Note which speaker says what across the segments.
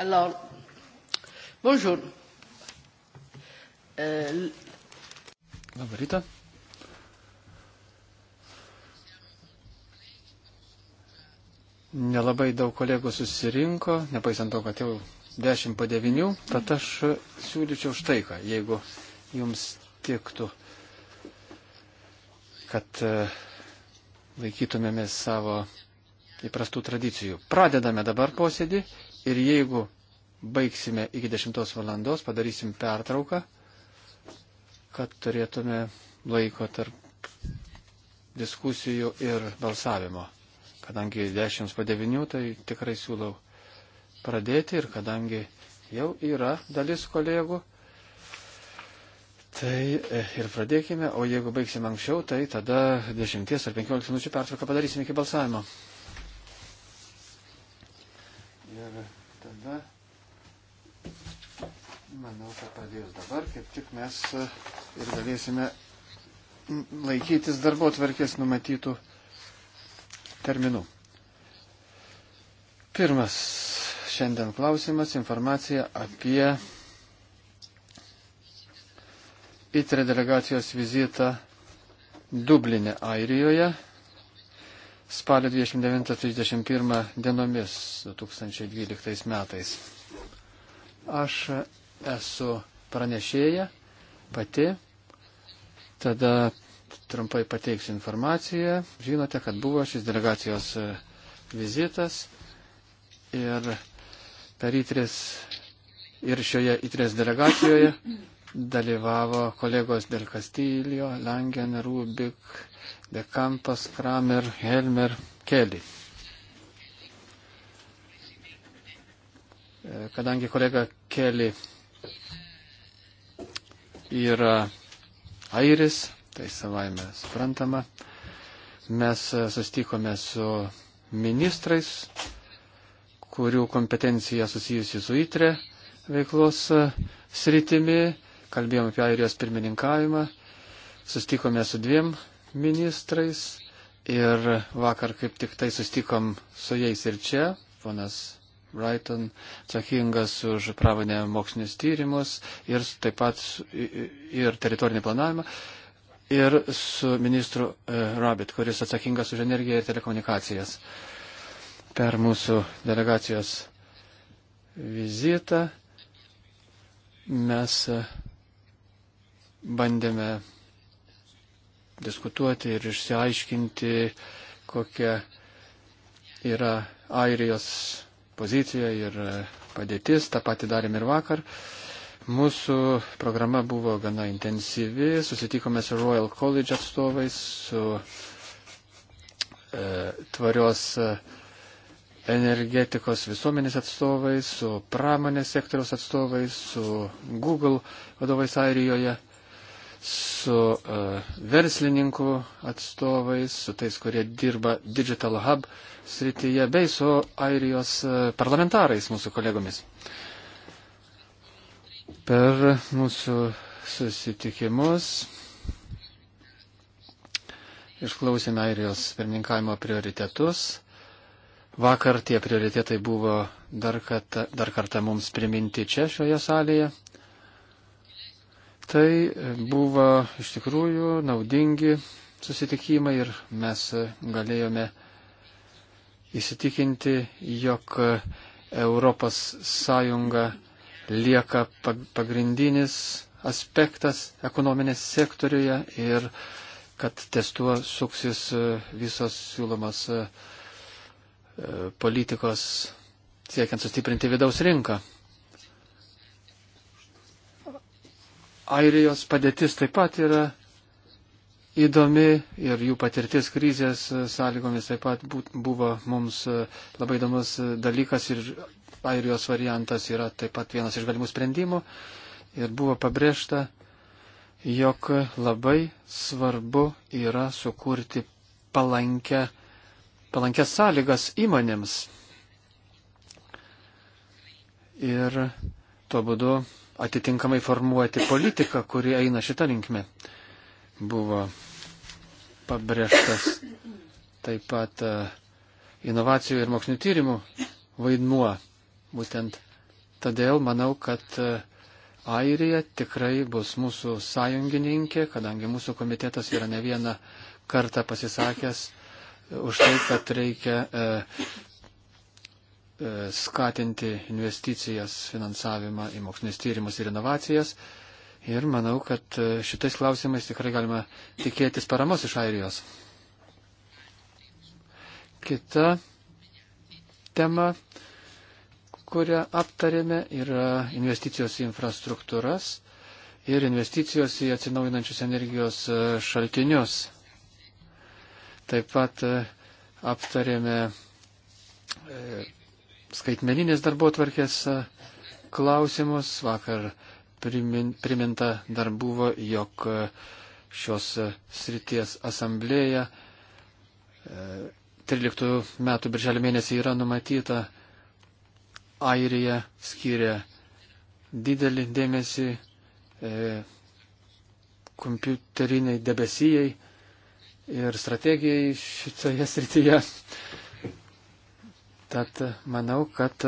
Speaker 1: Alors,
Speaker 2: bonjour. Euh... Labą rytą. Nelabai daug kolegų susirinko, nepaisant to, kad jau 10 po 9, tad aš siūlyčiau štai ką, jeigu jums tiktų, kad e, laikytumėmės savo įprastų tradicijų. Pradedame dabar posėdį ir jeigu baigsime iki 10 valandos, padarysim pertrauką, kad turėtume laiko tarp diskusijų ir balsavimo. Kadangi 10 po 9, tai tikrai siūlau pradėti ir kadangi jau yra dalis kolegų, tai eh, ir pradėkime, o jeigu baigsime anksčiau, tai tada 10 ar 15 minučių pertrauką padarysime iki balsavimo. tada manau, kad pradėjus dabar, kaip tik mes e, ir galėsime laikytis darbo tvarkės numatytų terminų. Pirmas šiandien klausimas - informacija apie ITRE delegacijos vizitą Dublinė, Airijoje spalio 29-31 dienomis 2012 metais. Aš esu pranešėja pati, tada trumpai pateiksiu informaciją. Žinote, kad buvo šis delegacijos e, vizitas ir per įtris ir šioje įtris delegacijoje dalyvavo kolegos Del Castillo, Langen, Rubik, De Campas, Kramer, Helmer, Kelly. E, kadangi kolega Kelly yra airis, tai savaime suprantama, mes e, sustikome su ministrais, kurių kompetencija susijusi su ITRE veiklos e, sritimi kalbėjom apie airijos pirmininkavimą, sustikome su dviem ministrais ir vakar kaip tik tai sustikom su jais ir čia, ponas Brighton atsakingas už pramonę mokslinius tyrimus ir taip pat ir teritorinį planavimą. Ir su ministru e, Rabit, kuris atsakingas už energiją ir telekomunikacijas. Per mūsų delegacijos vizitą mes e, bandėme diskutuoti ir išsiaiškinti, kokia yra Airijos pozicija ir padėtis. Ta pati darėm ir vakar. Mūsų programa buvo gana intensyvi, susitikome su Royal College atstovais, su e, tvarios e, energetikos visuomenės atstovais, su pramonės sektoriaus atstovais, su Google vadovais Airijoje su uh, e, verslininkų atstovais, su tais, kurie dirba Digital Hub srityje, bei su Airijos e, parlamentarais, mūsų kolegomis. Per mūsų susitikimus išklausėme Airijos pirmininkavimo prioritetus. Vakar tie prioritetai buvo dar, kad, dar kartą mums priminti čia šioje salėje. Tai buvo iš tikrųjų naudingi susitikimai ir mes galėjome įsitikinti, jog Europos Sąjunga lieka pagrindinis aspektas ekonominės sektoriuje ir kad ties tuo suksis visos siūlomas e, politikos siekiant sustiprinti vidaus rinką. Airijos padėtis taip pat yra įdomi ir jų patirtis krizės e, sąlygomis taip pat buvo mums e, labai įdomus e, dalykas ir Airijos variantas yra taip pat vienas iš galimų sprendimų. Ir buvo pabrėžta, jog labai svarbu yra sukurti palankę, palankęs sąlygas įmonėms. Ir tuo būdu atitinkamai formuoti politiką, kuri eina šitą linkmę. Buvo pabrėžtas taip pat e, inovacijų ir mokslinių tyrimų vaidmuo. Būtent todėl manau, kad e, Airija tikrai bus mūsų sąjungininkė, kadangi mūsų komitetas yra ne vieną kartą pasisakęs už tai, kad reikia e, E, skatinti investicijas, finansavimą į mokslinis tyrimus ir inovacijas. Ir manau, kad e, šitais klausimais tikrai galima tikėtis paramos iš Airijos. Kita tema, kurią aptarėme, yra investicijos į infrastruktūras ir investicijos į atsinaujinančius energijos e, šaltinius. Taip pat aptarėme skaitmeninės darbo tvarkės e, klausimus. Vakar priminta dar buvo, jog e, šios e, srities asamblėje 13 metų birželio mėnesį yra numatyta Airija skiria didelį dėmesį e, kompiuteriniai debesijai ir strategijai šitoje srityje. Tad manau, kad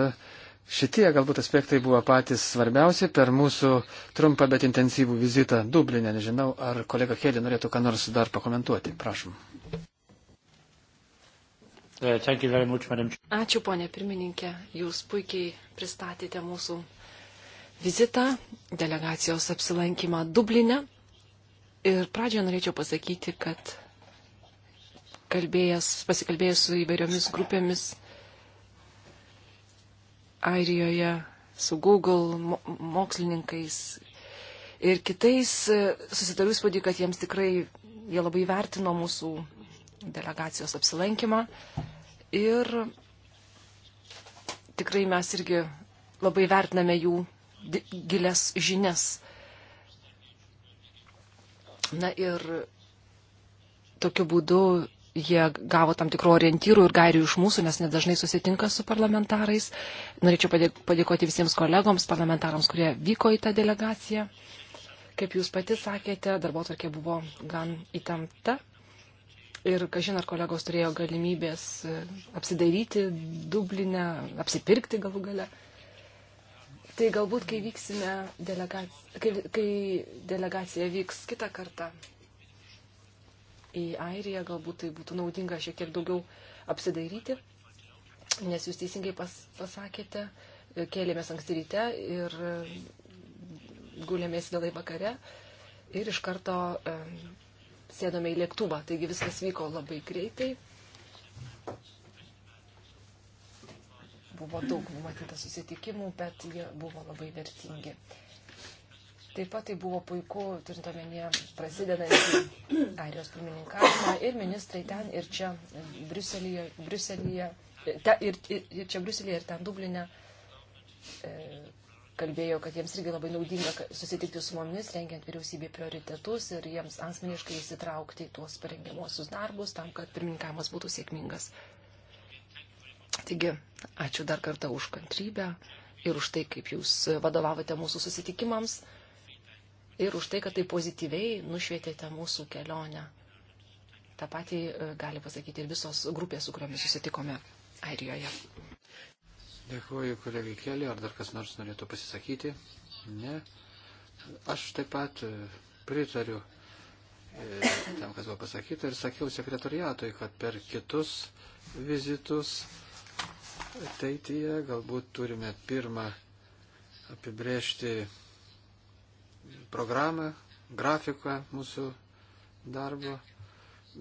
Speaker 2: šitie galbūt aspektai buvo patys svarbiausi per mūsų trumpą, bet intensyvų vizitą Dublinę. Nežinau, ar kolega Kėdė norėtų ką nors dar pakomentuoti. Prašom. Uh,
Speaker 1: Ačiū, ponė pirmininkė. Jūs puikiai pristatėte mūsų vizitą, delegacijos apsilankymą Dublinę. Ir pradžioje norėčiau pasakyti, kad kalbėjęs, pasikalbėjęs su įvairiomis grupėmis Airijoje su Google mo mokslininkais ir kitais e, susidariu įspūdį, kad jiems tikrai jie labai vertino mūsų delegacijos apsilankymą. Ir tikrai mes irgi labai vertiname jų gilias žinias. Na ir tokiu būdu jie gavo tam tikrų orientyrų ir gairių iš mūsų, nes nedažnai susitinka su parlamentarais. Norėčiau padėkoti visiems kolegoms, parlamentarams, kurie vyko į tą delegaciją. Kaip jūs pati sakėte, darbo tokia buvo gan įtempta. Ir, kažin, ar kolegos turėjo galimybės e, apsidaryti Dublinę, apsipirkti galų gale. Tai galbūt, kai, vyksime delega... kai, kai delegacija vyks kitą kartą, į Airiją, galbūt tai būtų naudinga šiek tiek daugiau apsidairyti, nes jūs teisingai pas, pasakėte, kėlėmės anksti ryte ir e, gulėmės vėlai vakare ir iš karto e, sėdome į lėktuvą. Taigi viskas vyko labai greitai. Buvo daug numatyta susitikimų, bet jie buvo labai vertingi. E, Taip pat tai buvo puiku, turint omenyje prasidedantį Airijos pirmininkavimą ir ministrai ten ir čia Briuselėje, Briuselėje te, ir, ir, ir čia Briuselėje ir ten Dublinė e, kalbėjo, kad jiems irgi labai naudinga susitikti su mumis, rengiant vyriausybė prioritetus ir jiems asmeniškai įsitraukti į tuos parengiamuosius darbus tam, kad pirmininkavimas būtų sėkmingas. Taigi, ačiū dar kartą už kantrybę ir už tai, kaip jūs vadovavote mūsų susitikimams ir už tai, kad tai pozityviai nušvietėte mūsų kelionę. Ta pati e, gali pasakyti ir visos grupės, su kuriomis susitikome
Speaker 2: Airijoje. Dėkuoju kolegai Kelį, ar dar kas nors norėtų pasisakyti? Ne. Aš taip pat e, pritariu e, tam, kas buvo pasakyta ir sakiau sekretariatui, kad per kitus vizitus ateityje galbūt turime pirmą apibrėžti programą, grafiką mūsų darbo,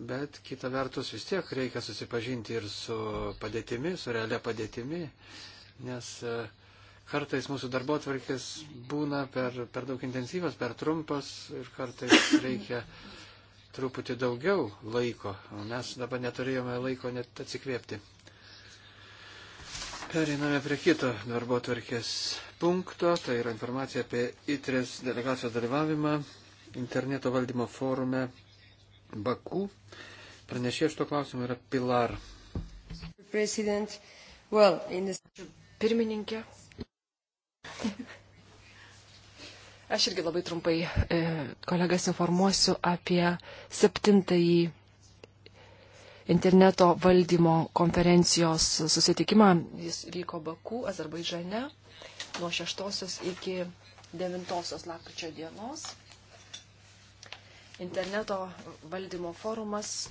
Speaker 2: bet kita vertus vis tiek reikia susipažinti ir su padėtimi, su realia padėtimi, nes e, kartais mūsų darbo atvarkės būna per, per daug intensyvas, per trumpas ir kartais reikia truputį daugiau laiko, o mes dabar neturėjome laiko net atsikvėpti. Periname prie kito darbo atvarkės punkto, tai yra informacija apie ITRES delegacijos dalyvavimą interneto valdymo forume Baku. Pranešė šito klausimo yra Pilar.
Speaker 1: Well, this... Pirmininkė. Aš irgi labai trumpai e, kolegas informuosiu apie septintąjį interneto valdymo konferencijos susitikimą. Jis vyko Baku, Azerbaidžane nuo 6 iki 9 lapkričio dienos. Interneto valdymo forumas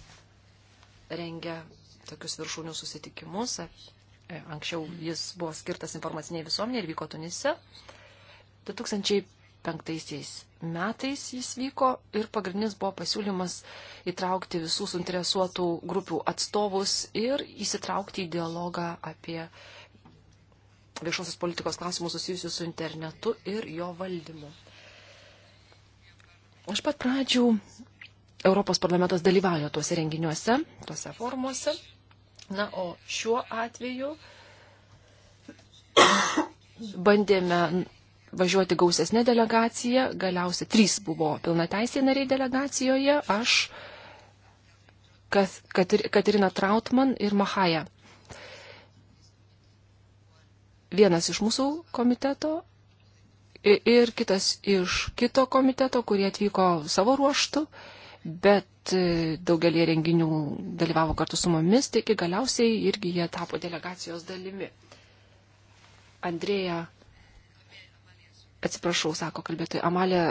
Speaker 1: rengia tokius viršūnių susitikimus. E, anksčiau jis buvo skirtas informaciniai visuomeniai ir vyko Tunise. 2005 metais jis vyko ir pagrindinis buvo pasiūlymas įtraukti visų suinteresuotų grupių atstovus ir įsitraukti į dialogą apie uh, viešosios politikos klausimų susijusių su internetu ir jo valdymu. Aš pat pradžių Europos parlamentas dalyvauja tuose renginiuose, tuose formuose. Na, o šiuo atveju bandėme važiuoti gausesnė delegacija, galiausiai trys buvo pilnateisiai nariai delegacijoje, aš, Katerina Trautman ir Mahaja vienas iš mūsų komiteto ir kitas iš kito komiteto, kurie atvyko savo ruoštų, bet e, daugelį renginių dalyvavo kartu su mumis, taigi galiausiai irgi jie tapo delegacijos dalimi. Andrėja, atsiprašau, sako kalbėtojai, Amalė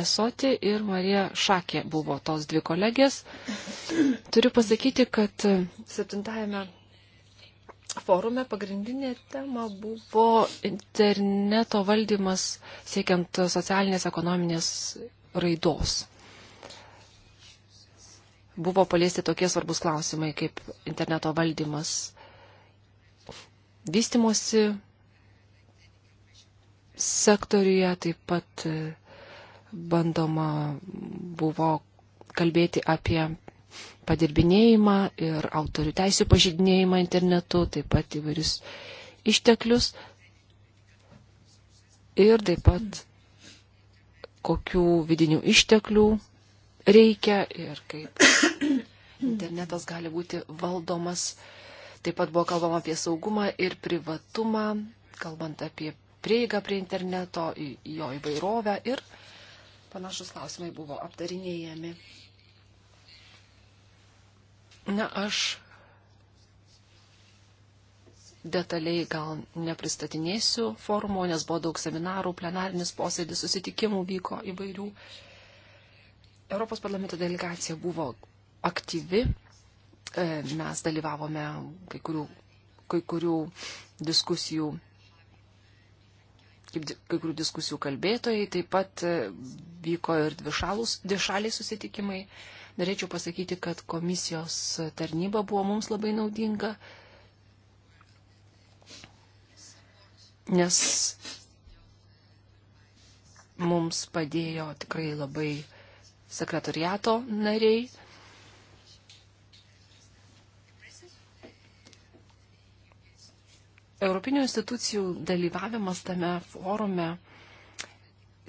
Speaker 1: Resoti ir Marija Šakė buvo tos dvi kolegės. Turiu pasakyti, kad e, septintajame forume pagrindinė tema buvo interneto valdymas siekiant socialinės ekonominės raidos. Buvo paliesti tokie svarbus klausimai kaip interneto valdymas, vystimosi sektoriuje, taip pat e, bandoma buvo kalbėti apie padirbinėjimą ir autorių teisų pažydinėjimą internetu, taip pat įvairius išteklius ir taip pat kokių vidinių išteklių reikia ir kaip internetas gali būti valdomas. Taip pat buvo kalbama apie saugumą ir privatumą, kalbant apie prieigą prie interneto, jo įvairovę ir panašus klausimai buvo aptarinėjami. Na, aš detaliai gal nepristatinėsiu forumo, nes buvo daug seminarų, plenarinis posėdis, susitikimų vyko įvairių. Europos parlamento delegacija buvo aktyvi, e, mes dalyvavome kai kurių, kai kurių diskusijų kaip kai kurių diskusijų kalbėtojai, taip pat e, vyko ir dvišalus, dvišaliai susitikimai. Uh, Norėčiau pasakyti, kad komisijos tarnyba buvo mums labai naudinga, nes mums padėjo tikrai labai sekretariato nariai. Europinių institucijų dalyvavimas tame forume,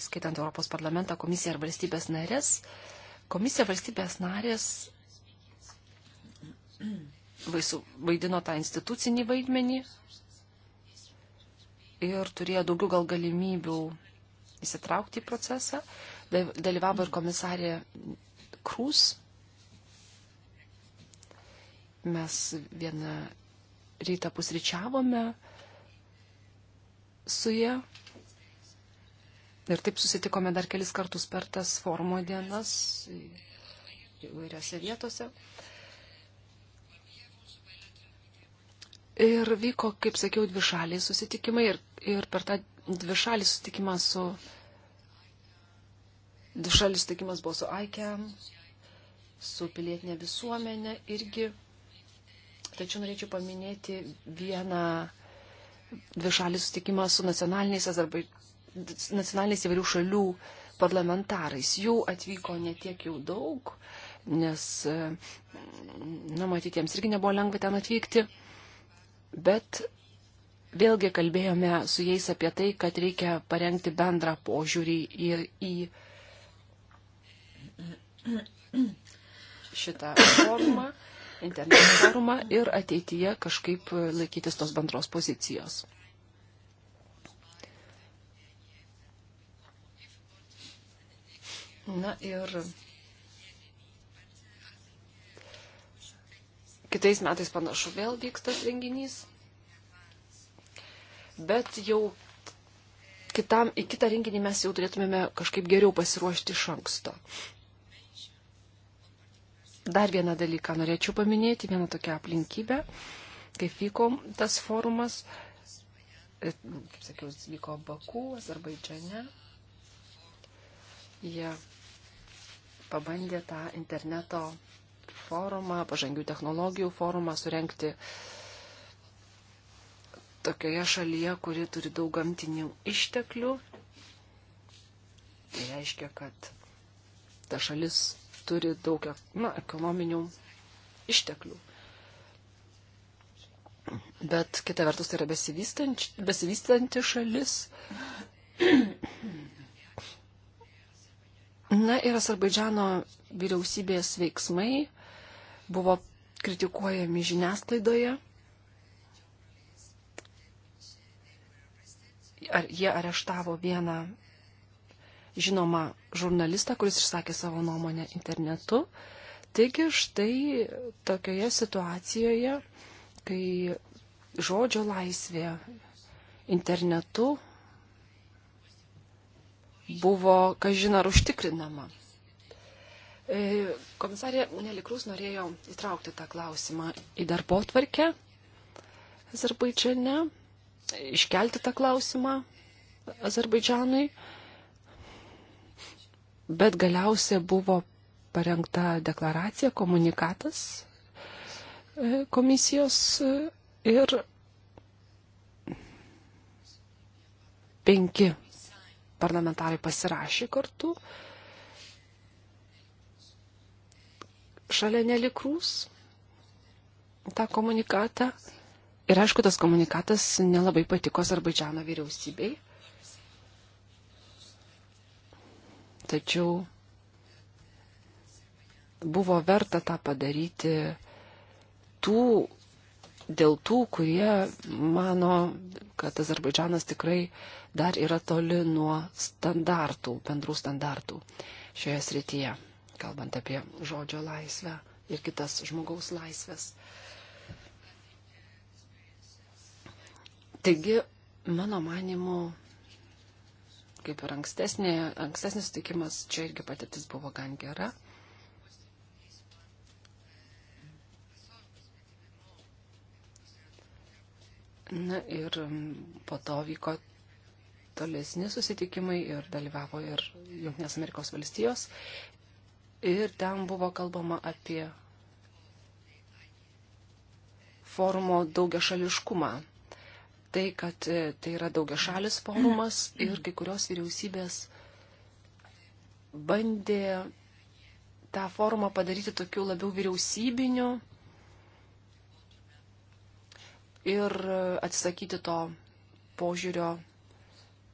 Speaker 1: skaitant Europos parlamentą, komisiją ar valstybės narės, uh, Komisija valstybės narės vaisu, vaidino tą institucinį vaidmenį ir turėjo daugiau gal galimybių įsitraukti į procesą. Dalyvavo ir komisarė Krūs. Mes vieną rytą pusryčiavome su jie Ir taip susitikome dar kelis kartus per tas forumo dienas įvairiose vietose. Ir vyko, kaip sakiau, dvišaliai susitikimai ir, ir per tą dvišalį susitikimą su. Dvišalis susitikimas buvo su ICAM, su pilietinė visuomenė irgi. Tačiau norėčiau paminėti vieną dvišalį susitikimą su nacionaliniais Azerbaidžanais nacionaliniais įvairių šalių parlamentarais. Jų atvyko netiek jau daug, nes, na, matyti, jiems irgi nebuvo lengva ten atvykti, bet vėlgi kalbėjome su jais apie tai, kad reikia parengti bendrą požiūrį ir į šitą formą, interneto formą ir ateityje kažkaip laikytis tos bendros pozicijos. Na ir kitais metais panašu vėl vyks tas renginys. Bet jau kitam, į kitą renginį mes jau turėtumėme kažkaip geriau pasiruošti iš anksto. Dar vieną dalyką norėčiau paminėti, vieną tokią aplinkybę, kaip vyko tas forumas. E, sakiau, vyko Baku, Azerbaidžiane. Jie ja, pabandė tą interneto forumą, pažangių technologijų forumą surenkti tokioje šalyje, kuri turi daug gamtinių išteklių. Tai reiškia, kad ta šalis turi daug na, ekonominių išteklių. Bet kita vertus tai yra besivystanti šalis. Na ir Azerbaidžiano vyriausybės veiksmai buvo kritikuojami žiniasklaidoje. Ar jie areštavo vieną žinomą žurnalistą, kuris išsakė savo nuomonę internetu. Taigi štai tokioje situacijoje, kai žodžio laisvė internetu buvo, kažin ar užtikrinama. E, komisarė Nelikrus norėjo įtraukti tą klausimą į darbo tvarkę Azerbaidžiane, iškelti tą klausimą Azerbaidžianui, bet galiausia buvo parengta deklaracija, komunikatas e, komisijos e, ir penki parlamentarai pasirašė kartu. Šalia nelikrus tą komunikatą. Ir aišku, tas komunikatas nelabai patiko Azerbaidžiano vyriausybei. Tačiau buvo verta tą padaryti tų dėl tų, kurie mano, kad Azerbaidžanas tikrai dar yra toli nuo standartų, bendrų standartų šioje srityje, kalbant apie žodžio laisvę ir kitas žmogaus laisvės. Taigi, mano manimu, kaip ir ankstesnė, ankstesnis sutikimas, čia irgi patirtis buvo gan gera. Na ir po to vyko tolesni susitikimai ir dalyvavo ir Junktinės Amerikos valstijos. Ir ten buvo kalbama apie forumo daugia šališkumą. Tai, kad e, tai yra daugia šalis forumas ir kai kurios vyriausybės bandė tą forumą padaryti tokiu labiau vyriausybiniu ir atsisakyti to požiūrio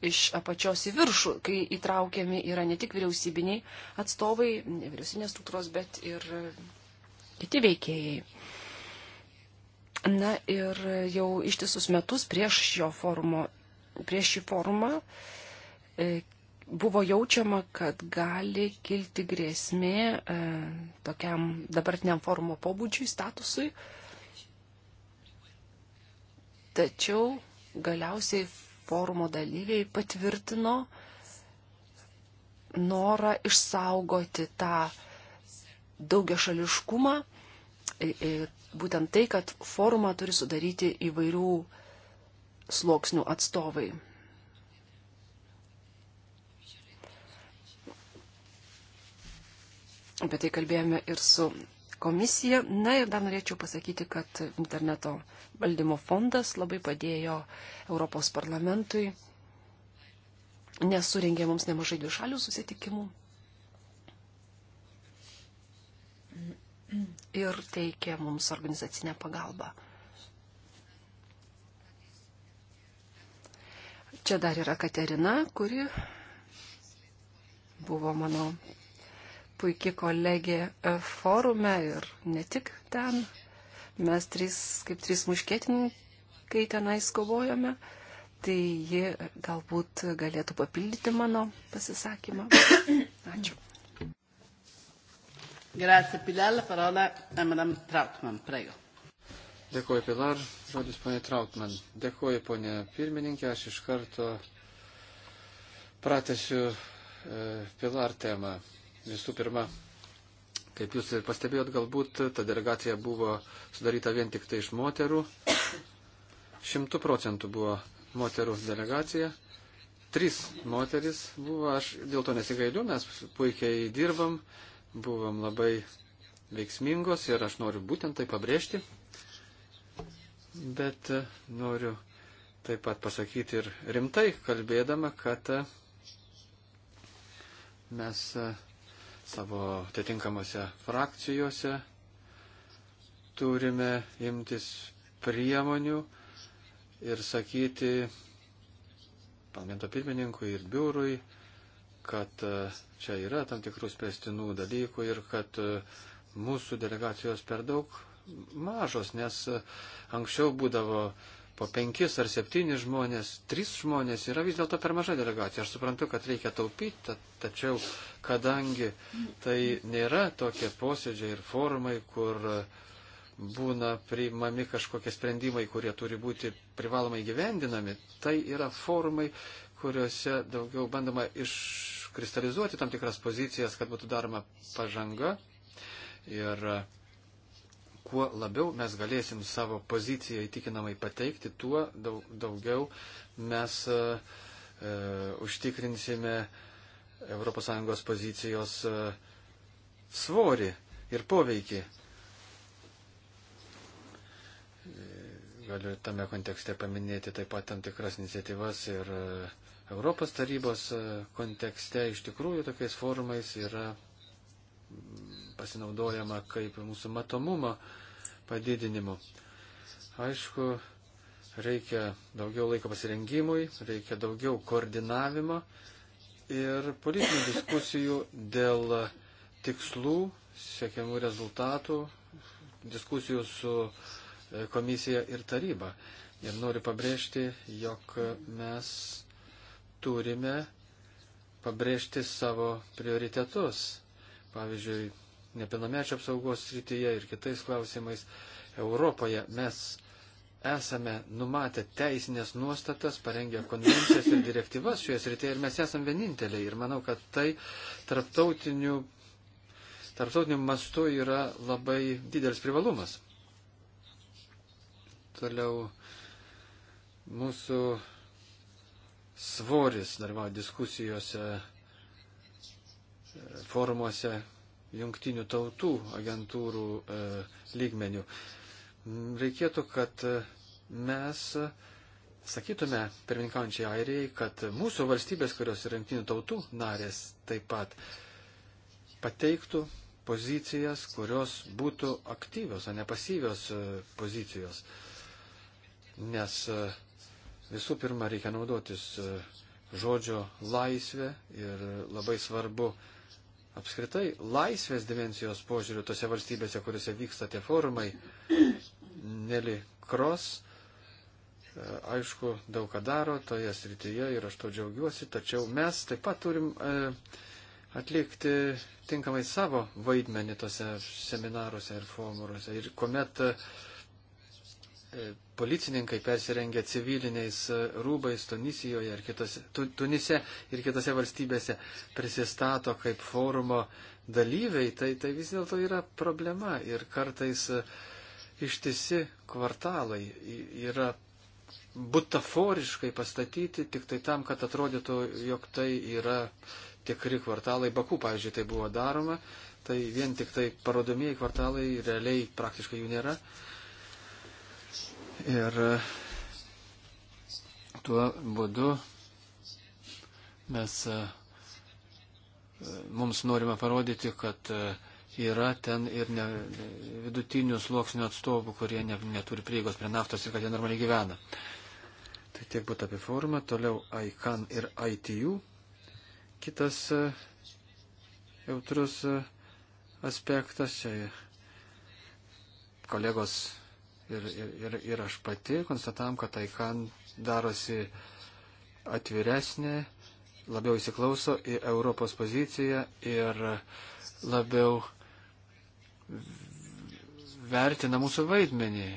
Speaker 1: iš apačios į viršų, kai įtraukiami yra ne tik vyriausybiniai atstovai, nevyriausybinės struktūros, bet ir kiti veikėjai. Na ir jau ištisus metus prieš, forumo, prieš šį forumą e, buvo jaučiama, kad gali kilti grėsmė e, tokiam dabartiniam forumo pobūdžiui, statusui. E, Tačiau galiausiai forumo dalyviai patvirtino norą išsaugoti tą daugia šališkumą, būtent tai, kad forumą turi sudaryti įvairių sluoksnių atstovai. Apie tai kalbėjome ir su komisija. Na ir dar norėčiau pasakyti, kad interneto valdymo fondas labai padėjo Europos parlamentui, nes surengė mums nemažai dvišalių susitikimų. Ir teikė mums organizacinę pagalbą. Čia dar yra Katerina, kuri buvo mano puikia kolegė e, forume ir ne tik ten. Mes trys, kaip trys muškėtininkai tenais kovojame. Tai ji galbūt galėtų papildyti mano pasisakymą. Ačiū.
Speaker 2: Grazie Pilar, la parola a Madame Trautmann, prego. Dėkuoju Pilar, žodis ponė Trautmann. Dėkuoju ponė pirmininkė, aš iš karto pratesiu e, Pilar temą. Visų pirma, kaip jūs ir pastebėjot, galbūt ta delegacija buvo sudaryta vien tik tai iš moterų. Šimtų procentų buvo moterų delegacija. Trys moteris buvo, aš dėl to nesigailiu, mes puikiai dirbam, buvom labai veiksmingos ir aš noriu būtent tai pabrėžti. Bet e, noriu taip pat pasakyti ir rimtai kalbėdama, kad e, mes e, savo atitinkamose frakcijose turime imtis priemonių ir sakyti parlamento pirmininkui ir biurui, kad e, čia yra tam tikrų spėstinų dalykų ir kad e, mūsų delegacijos per daug mažos, nes e, anksčiau būdavo po penkis ar septynis žmonės, trys žmonės yra vis dėlto per maža delegacija. Aš suprantu, kad reikia taupyti, tačiau kadangi tai nėra tokie posėdžiai ir forumai, kur būna priimami kažkokie sprendimai, kurie turi būti privalomai gyvendinami, tai yra forumai, kuriuose daugiau bandoma iškristalizuoti tam tikras pozicijas, kad būtų daroma pažanga. Ir uh, kuo labiau mes galėsim savo poziciją įtikinamai pateikti, tuo daug, daugiau mes e, e užtikrinsime ES pozicijos e, svorį ir poveikį. Galiu tame kontekste paminėti taip pat tam tikras iniciatyvas ir e, Europos tarybos e, kontekste iš tikrųjų tokiais forumais yra pasinaudojama kaip mūsų matomumo padidinimu. Aišku, reikia daugiau laiko pasirengimui, reikia daugiau koordinavimo ir politinių diskusijų dėl tikslų, siekiamų rezultatų, diskusijų su e, komisija ir taryba. Ir noriu pabrėžti, jog mes turime pabrėžti savo prioritetus. Pavyzdžiui, nepilnamečio apsaugos srityje ir kitais klausimais. Europoje mes esame numatę teisinės nuostatas, parengę konvencijas ir direktyvas šioje srityje ir mes esame vieninteliai. Ir manau, kad tai tarptautiniu, tarptautiniu mastu yra labai didelis privalumas. Toliau mūsų svoris dalyvauja diskusijose, forumuose, jungtinių tautų agentūrų e, lygmenių. Mm, reikėtų, kad e, mes sakytume pirmininkaujančiai Airijai, kad mūsų valstybės, kurios yra jungtinių tautų narės, taip pat pateiktų pozicijas, kurios būtų aktyvios, o ne pasyvios e, pozicijos. Nes e, visų pirma reikia naudotis žodžio laisvė ir labai svarbu apskritai laisvės dimensijos požiūrių tose valstybėse, kuriuose vyksta tie forumai, Neli Kros, e, aišku, daug ką daro toje srityje ir aš to džiaugiuosi, tačiau mes taip pat turim e, atlikti tinkamai savo vaidmenį tose seminaruose ir forumuose. Ir kuomet uh, E, policininkai persirengę civiliniais e, rūbais Tunisijoje ir kitose, Tunise ir kitose valstybėse prisistato kaip forumo dalyviai, tai, tai vis dėlto yra problema ir kartais e, ištisi kvartalai yra butaforiškai pastatyti tik tai tam, kad atrodytų, jog tai yra tikri kvartalai. Baku, pavyzdžiui, tai buvo daroma, tai vien tik tai parodomieji kvartalai, realiai praktiškai jų nėra. Uh, Ir e, tuo būdu mes e, e, mums norime parodyti, kad yra ten ir ne, vidutinių sluoksnių atstovų, kurie ne, neturi prieigos prie naftos ir kad jie normaliai gyvena. Tai tiek būtų apie forumą, toliau ICAN ir ITU. Kitas jautrus aspektas, čia kolegos ir, ir, ir aš pati konstatavom, kad Taikan darosi atviresnė, labiau įsiklauso į Europos poziciją ir labiau vertina mūsų vaidmenį.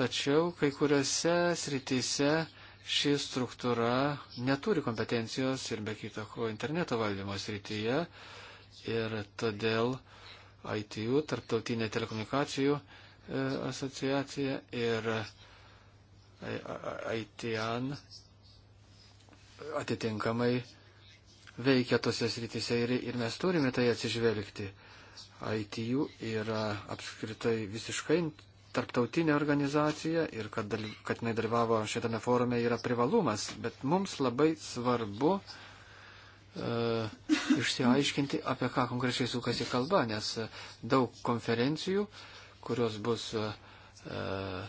Speaker 2: Tačiau kai kuriuose srityse ši struktūra neturi kompetencijos ir be kito ko interneto valdymo srityje ir todėl ITU, tarptautinė telekomunikacijų asociacija ir AITIAN atitinkamai veikia tose srityse ir, ir mes turime tai atsižvelgti. ITU yra apskritai visiškai tarptautinė organizacija ir kad, dal, kad nedalyvavo šitame forume yra privalumas, bet mums labai svarbu uh, e, išsiaiškinti, apie ką konkrečiai sukasi kalba, nes daug konferencijų uh, kurios bus e, e,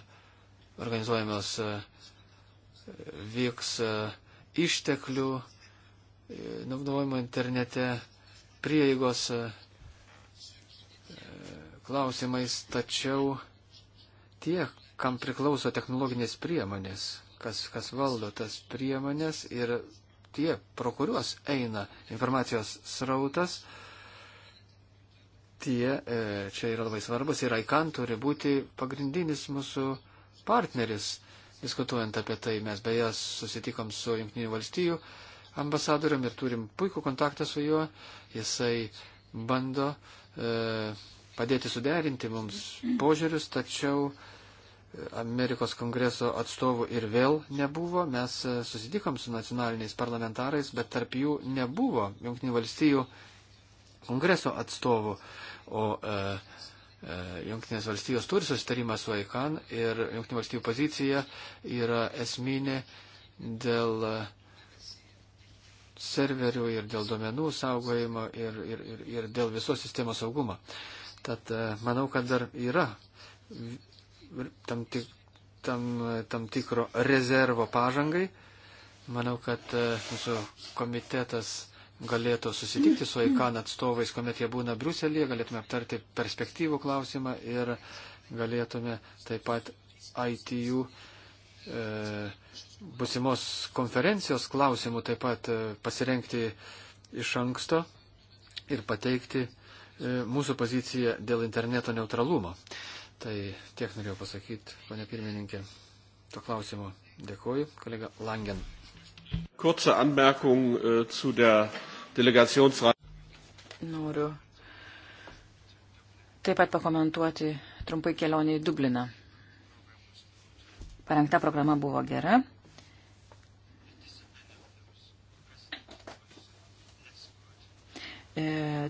Speaker 2: organizuojamos, e, vyks išteklių naudojimo internete prieigos klausimais, tačiau tie, kam priklauso technologinės priemonės, kas, kas valdo tas priemonės ir tie, pro kuriuos eina informacijos srautas, uh, tie e, čia yra labai svarbus ir ICAN turi būti pagrindinis mūsų partneris. Diskutuojant apie tai, mes beje susitikom su Junktinių valstijų ambasadorium ir turim puikų kontaktą su juo. Jisai bando e, padėti suderinti mums požiūrius, tačiau Amerikos kongreso atstovų ir vėl nebuvo. Mes e, susitikom su nacionaliniais parlamentarais, bet tarp jų nebuvo Junktinių valstijų kongreso atstovų. O e, e, Junktinės valstijos turi susitarimą su AIKAN ir Junktinių valstijų pozicija yra esminė dėl serverių ir dėl duomenų saugojimo ir, ir, ir, ir dėl visos sistemos saugumo. Tad e, manau, kad dar yra tam, tik, tam, tam tikro rezervo pažangai. Manau, kad e, mūsų komitetas galėtų susitikti su ICAN atstovais, kuomet jie būna Bruselėje, galėtume aptarti perspektyvų klausimą ir galėtume taip pat ITU e, busimos konferencijos klausimų taip pat e, pasirenkti iš anksto ir pateikti e, mūsų poziciją dėl interneto neutralumo. Tai tiek norėjau pasakyti, ponia pirmininkė, to klausimo dėkoju, kolega Langen. Kurze Anmerkung äh, zu der Delegationsreise. Noriu taip pat
Speaker 3: pakomentuoti trumpai kelionį į Dubliną. Parengta programa buvo gera. E,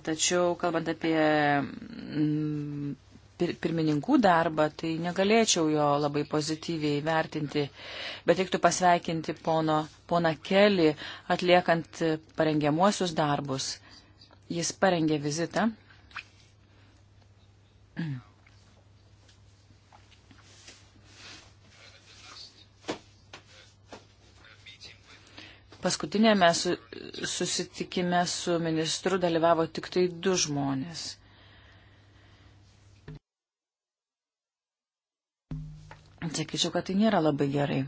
Speaker 3: tačiau, kalbant apie mm, pirmininkų darbą, tai negalėčiau jo labai pozityviai vertinti, bet reiktų pasveikinti pono, pona Kelį atliekant parengiamuosius darbus. Jis parengė vizitą. Paskutinėme susitikime su ministru dalyvavo tik tai du žmonės. Sakyčiau, kad tai nėra labai gerai.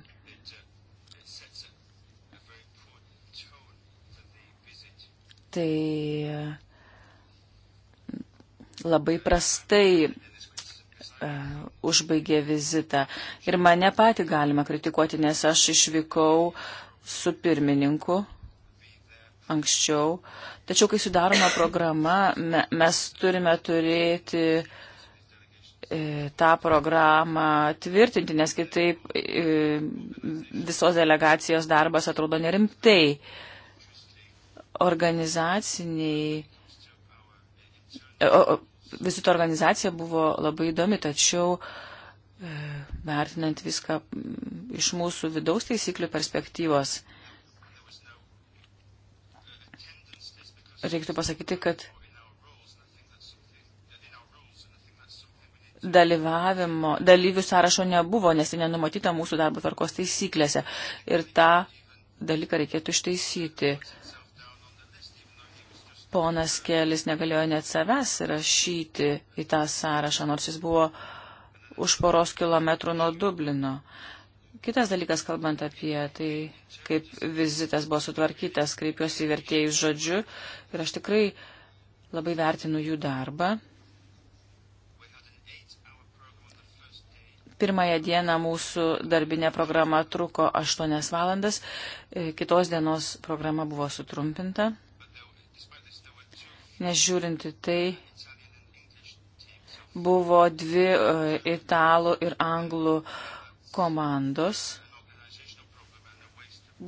Speaker 3: Tai labai prastai uh, užbaigė vizitą. Ir mane patį galima kritikuoti, nes aš išvykau su pirmininku anksčiau. Tačiau, kai sudaroma programa, me, mes turime turėti uh, E, tą programą tvirtinti, nes kitaip e, visos delegacijos darbas atrodo nerimtai. Organizaciniai. Vizito organizacija buvo labai įdomi, tačiau e, vertinant viską iš mūsų vidaus taisyklių perspektyvos, reiktų pasakyti, kad dalyvavimo, dalyvių sąrašo nebuvo, nes tai nenumatyta mūsų darbo tvarkos taisyklėse. Ir tą dalyką reikėtų ištaisyti. Ponas Kelis negalėjo net savęs rašyti į tą sąrašą, nors jis buvo už poros kilometrų nuo Dublino. Kitas dalykas, kalbant apie tai, kaip vizitas buvo sutvarkytas, kreipiuosi į vertėjus žodžiu ir aš tikrai labai vertinu jų darbą. Pirmąją dieną mūsų darbinė programa truko 8 valandas, e, kitos dienos programa buvo sutrumpinta. Nežiūrinti tai, buvo dvi e, italų ir anglų komandos.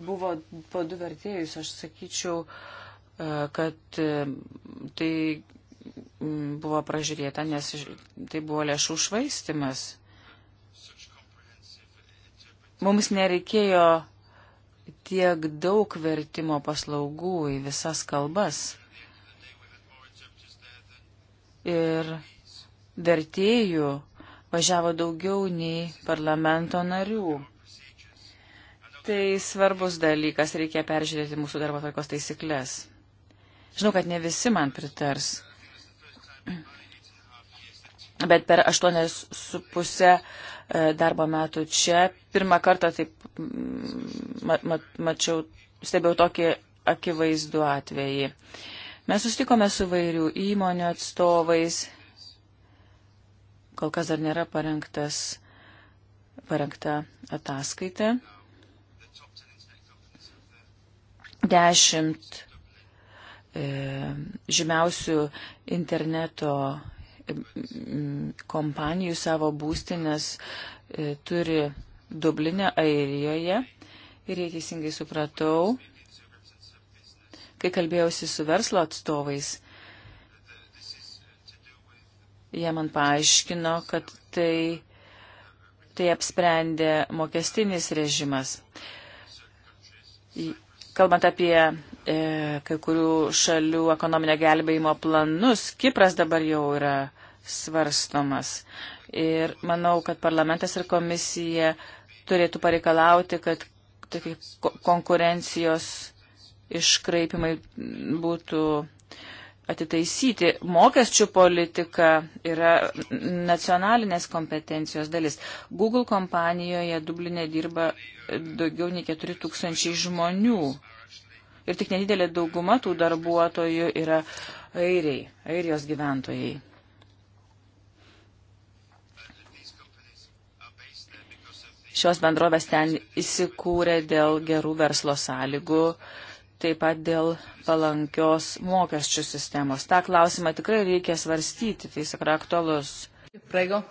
Speaker 3: Buvo po du vertėjus, aš sakyčiau, e, kad tai buvo pražiūrėta, nes tai buvo lėšų švaistimas. Mums nereikėjo tiek daug vertimo paslaugų į visas kalbas. Ir vertėjų važiavo daugiau nei parlamento narių. Tai svarbus dalykas, reikia peržiūrėti mūsų darbo tvarkos taisyklės. Žinau, kad ne visi man pritars, bet per aštuonės su pusę E, darbo metų čia. Pirmą kartą taip ma ma mačiau, stebėjau tokį akivaizdų atvejį. Mes sustikome su vairių įmonių atstovais. Kol kas dar nėra parengtas, parengta ataskaita. Dešimt e, žymiausių interneto kompanijų savo būstinės e, turi Dublinė, Airijoje. Ir jei teisingai supratau, kai kalbėjausi su verslo atstovais, jie man paaiškino, kad tai, tai apsprendė mokestinis režimas. Kalbant apie e, kai kurių šalių ekonominio gelbėjimo planus. Kipras dabar jau yra svarstomas. Ir manau, kad parlamentas ir komisija turėtų pareikalauti, kad tokie konkurencijos iškraipimai būtų atitaisyti. Mokesčių politika yra nacionalinės kompetencijos dalis. Google kompanijoje Dublinė dirba daugiau nei 4000 žmonių ir tik nedidelė dauguma tų darbuotojų yra airiai, airijos gyventojai. Šios bendrovės ten įsikūrė dėl gerų verslo sąlygų, taip pat dėl palankios mokesčių sistemos. Ta klausimą tikrai reikia svarstyti, tai sakra aktualus. Praigo.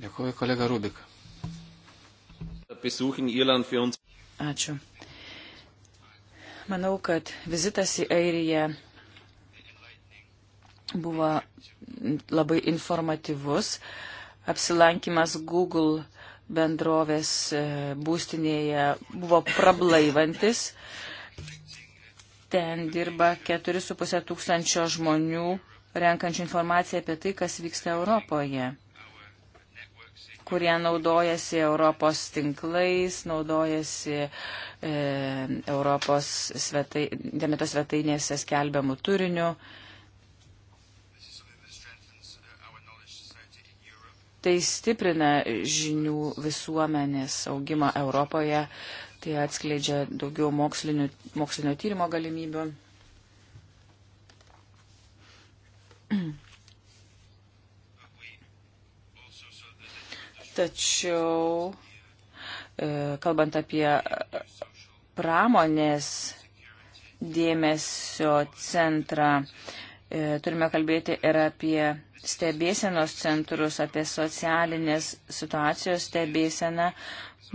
Speaker 2: Dėkuoju, kolega Rubik.
Speaker 3: Ačiū. Manau, kad vizitas į Airiją buvo labai informatyvus. Apsilankimas Google bendrovės e, būstinėje buvo prablaivantis. Ten dirba 4,5 tūkstančio žmonių renkančių informaciją apie tai, kas vyksta Europoje kurie naudojasi Europos tinklais, naudojasi e, Europos svetai, demeto svetainėse skelbiamų turinių. Tai stiprina žinių visuomenės augimą Europoje, tai atskleidžia daugiau mokslinio, mokslinio tyrimo galimybių. Tačiau, e, kalbant apie pramonės dėmesio centrą, e, turime kalbėti ir apie stebėsenos centrus, apie socialinės situacijos stebėseną.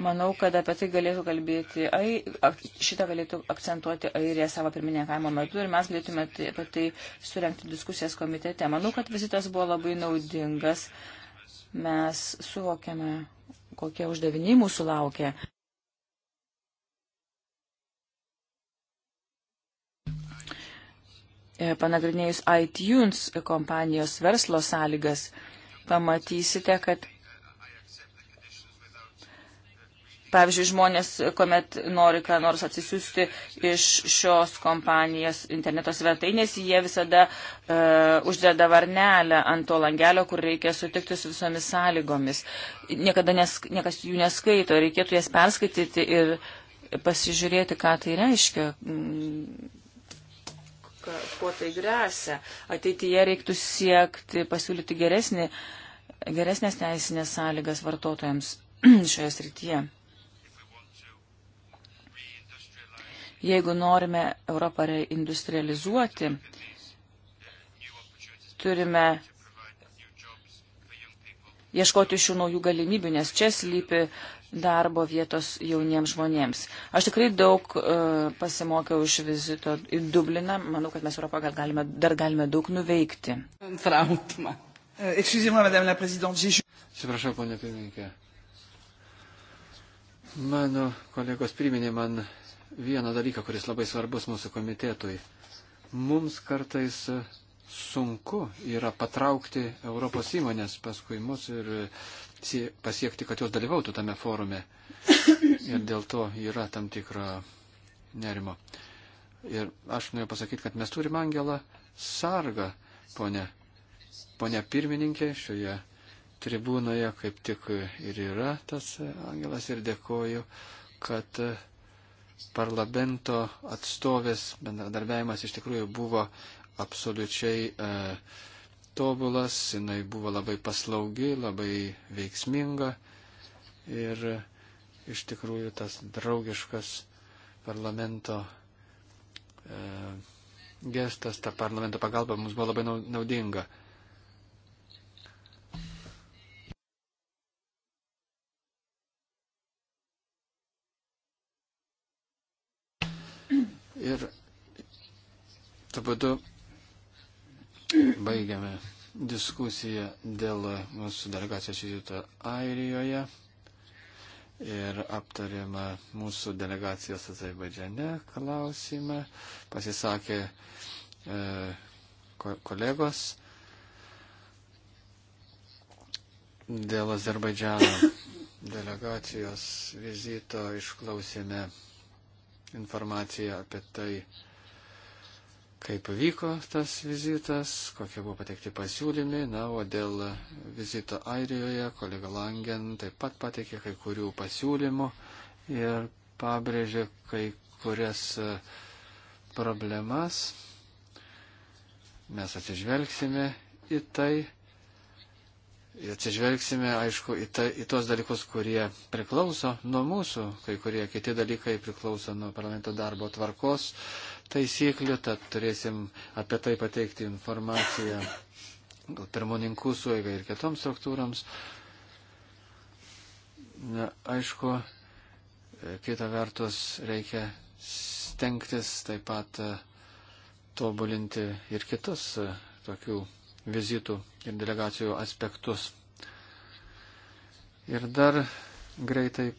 Speaker 3: Manau, kad apie tai galėtų kalbėti, ai, šitą galėtų akcentuoti airė savo pirmininkavimo metu ir mes galėtume tai, apie tai surenkti diskusijas komitete. Manau, kad vizitas buvo labai naudingas. Uh, mes suvokiame, kokie uždaviniai mūsų laukia. E, panagrinėjus iTunes kompanijos verslo sąlygas, pamatysite, kad Pavyzdžiui, žmonės, kuomet nori ką nors atsisiųsti iš šios kompanijos interneto svetainės, jie visada uh, uždeda varnelę ant to langelio, kur reikia sutikti su visomis sąlygomis. Niekada nes, niekas jų neskaito, reikėtų jas perskaityti ir pasižiūrėti, ką tai reiškia, mm, kuo tai grėsia. Ateityje reiktų siekti pasiūlyti geresnį, geresnės teisinės sąlygas vartotojams šioje srityje. Jeigu norime Europą reindustrializuoti, turime ieškoti šių naujų galimybių, nes čia slypi darbo vietos jauniems žmonėms. Aš tikrai daug uh, pasimokiau iš vizito į Dubliną. Manau, kad mes Europą gal galime, dar galime daug nuveikti. Euh,
Speaker 2: Atsiprašau, ponė pirmininkė. Mano kolegos priminė man vieną dalyką, kuris labai svarbus mūsų komitetui. Mums kartais sunku yra patraukti Europos įmonės paskui mus ir pasiekti, kad jos dalyvautų tame forume. Ir dėl to yra tam tikro nerimo. Ir aš noriu pasakyti, kad mes turime Angelą Sargą, ponė, ponė pirmininkė, šioje tribūnoje kaip tik ir yra tas Angelas ir dėkoju, kad uh, parlamento atstovės bendradarbiavimas iš tikrųjų buvo absoliučiai e, tobulas, jinai buvo labai paslaugi, labai veiksminga ir iš tikrųjų tas draugiškas parlamento e, gestas, ta parlamento pagalba mums buvo labai naudinga. Ir tuo būdu baigiame diskusiją dėl mūsų delegacijos vizito Airijoje ir aptarėme mūsų delegacijos Azerbaidžiane klausimą. Pasisakė e, kolegos dėl Azerbaidžiano delegacijos vizito išklausėme informaciją apie tai, kaip vyko tas vizitas, kokie buvo pateikti pasiūlymai. Na, o dėl vizito Airijoje kolega Langen taip pat pateikė kai kurių pasiūlymų ir pabrėžė kai kurias e, problemas. Mes atsižvelgsime į tai Ir atsižvelgsime, aišku, į, ta, į tos dalykus, kurie priklauso nuo mūsų, kai kurie kiti dalykai priklauso nuo parlamento darbo tvarkos taisyklių, tad turėsim apie tai pateikti informaciją gal pirmoninkų suėgai ir kitoms struktūrams. Na, aišku, kita vertus reikia stengtis taip pat tobulinti ir kitus tokių vizitų ir delegacijų aspektus. Ir dar greitai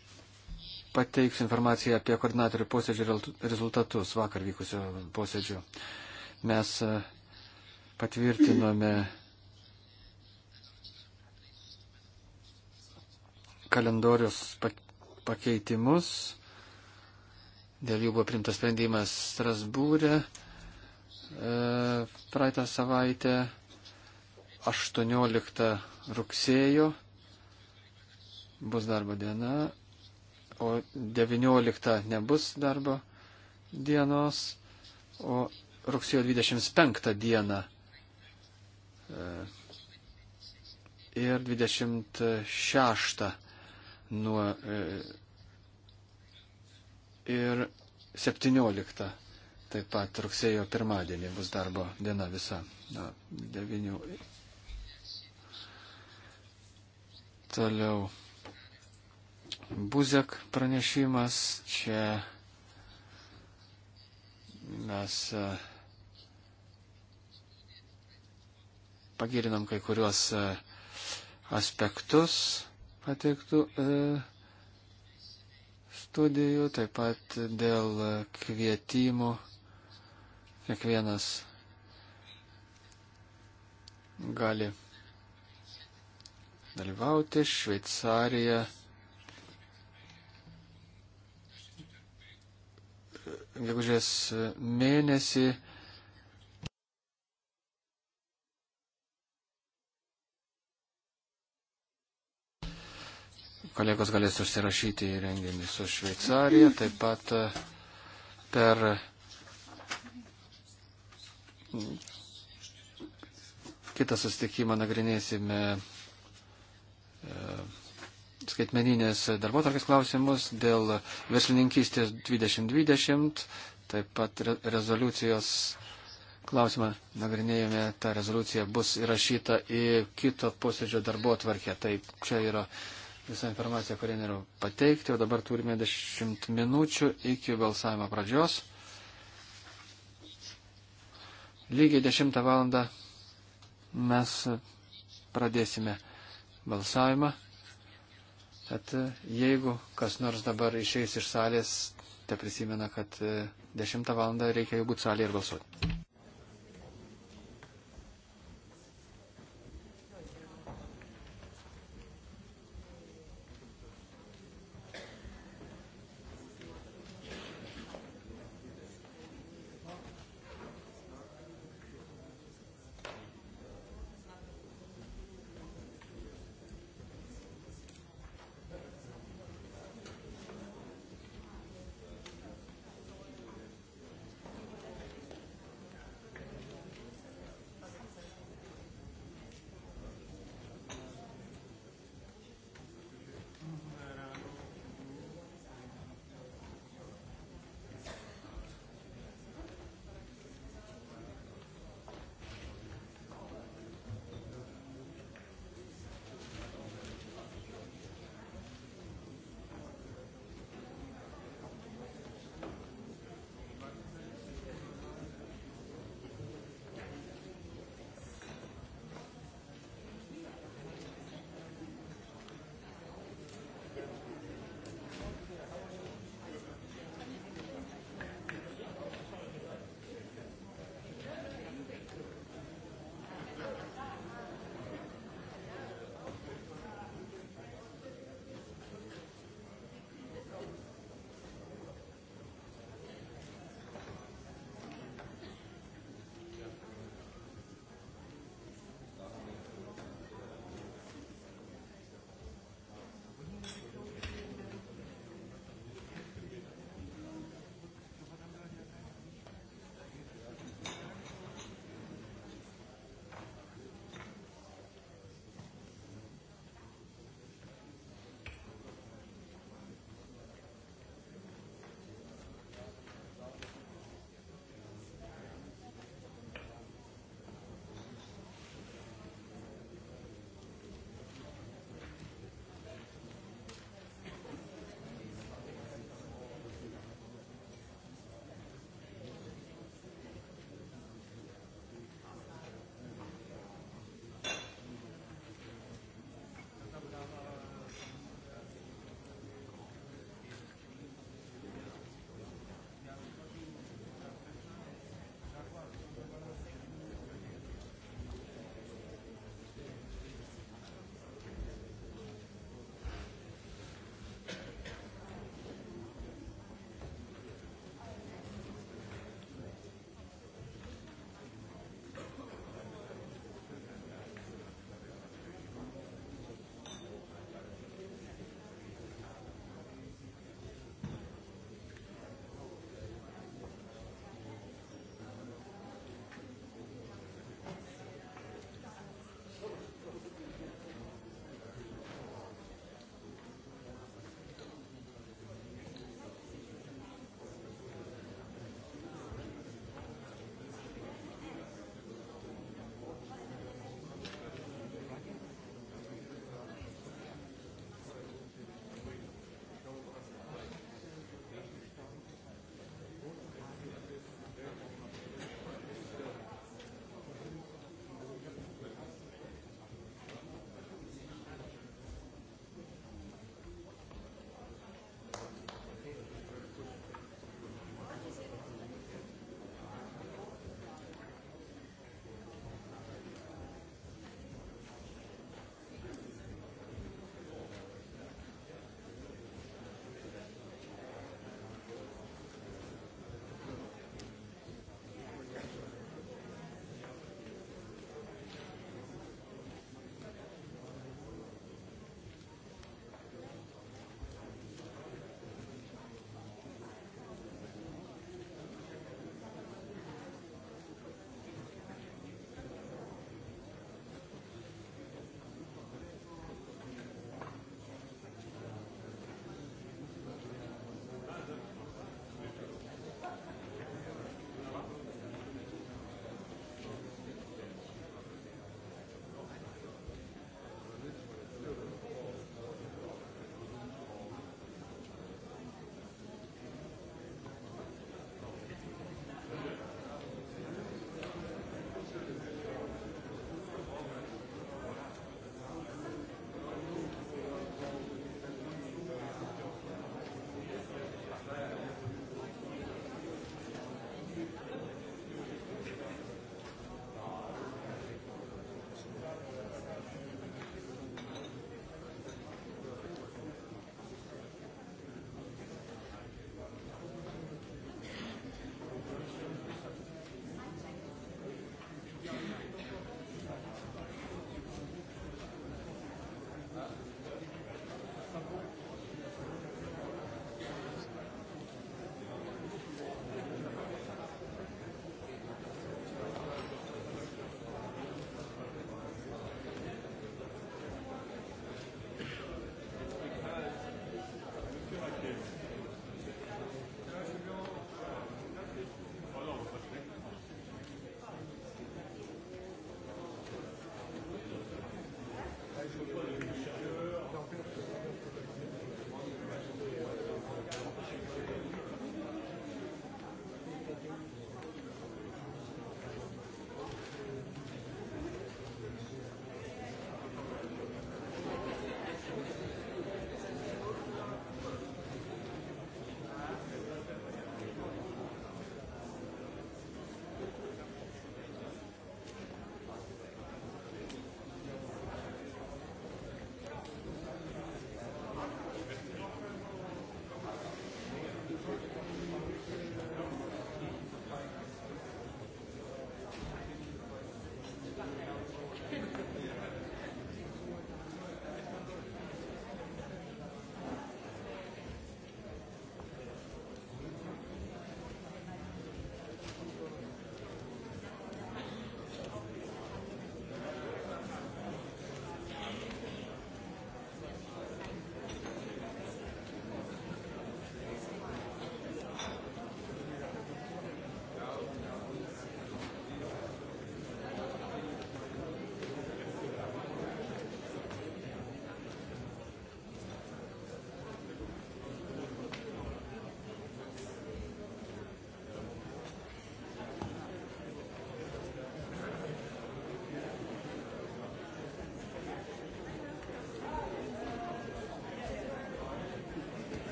Speaker 2: pateiksiu informaciją apie koordinatorių posėdžių rezultatus vakar vykusio posėdžio. Mes e, patvirtinome kalendorius pakeitimus. Dėl jų buvo primtas sprendimas Strasbūrė e, praeitą savaitę 18 rugsėjo bus darbo diena, o 19 nebus darbo dienos, o rugsėjo 25 dieną e, ir 26 nuo e, ir 17 taip pat rugsėjo pirmadienį bus darbo diena visa. Na, 9 Toliau. Buzek pranešimas. Čia mes e, pagirinam kai kuriuos e, aspektus pateiktų e, studijų, taip pat dėl kvietimų. Kiekvienas gali dalyvauti. Šveicarija gegužės mėnesį kolegos galės užsirašyti į renginį su Šveicarija, taip pat e, per kitą sustikimą nagrinėsime E, skaitmeninės darbo tarkės klausimus, dėl verslininkystės 2020, taip pat re rezoliucijos klausimą nagrinėjome, ta rezoliucija bus įrašyta į kito posėdžio darbo tvarkę. Tai čia yra visa informacija, kurią noriu pateikti, o dabar turime 10 minučių iki balsavimo pradžios. Lygiai 10 val. mes pradėsime balsavimą. Tad e, jeigu kas nors dabar išeis iš salės, te prisimena, kad 10 e, val. reikia jau būti salėje ir balsuoti.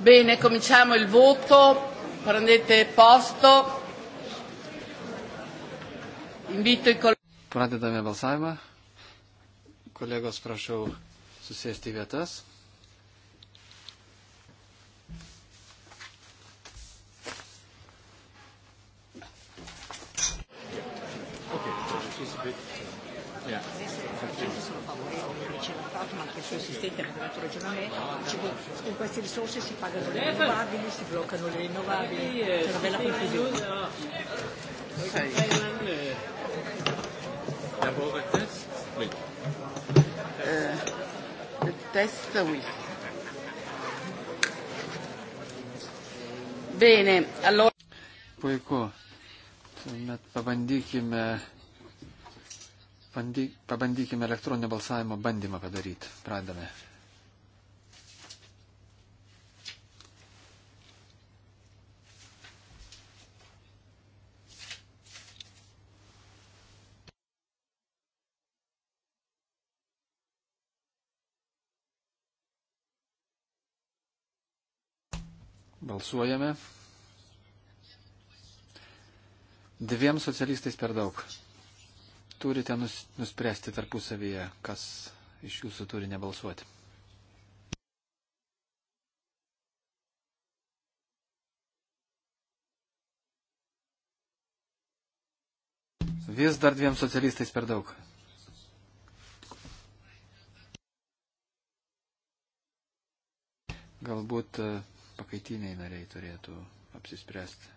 Speaker 3: Bene, cominciamo il voto. Prendete posto.
Speaker 2: Invito i colleghi. Pradedame balsavimą. Kolegos, prašau susėsti vietas.
Speaker 3: questa qui. Bene,
Speaker 2: allora. Puiku. Tuomet pabandykime, bandy, pabandykime elektroninio balsavimo bandymą padaryti. Pradame. Balsuojame. Dviem socialistais per daug. Turite nus, nuspręsti tarpusavyje, kas iš jūsų turi nebalsuoti. Vis dar dviem socialistais per daug. Galbūt pakaitiniai nariai turėtų apsispręsti.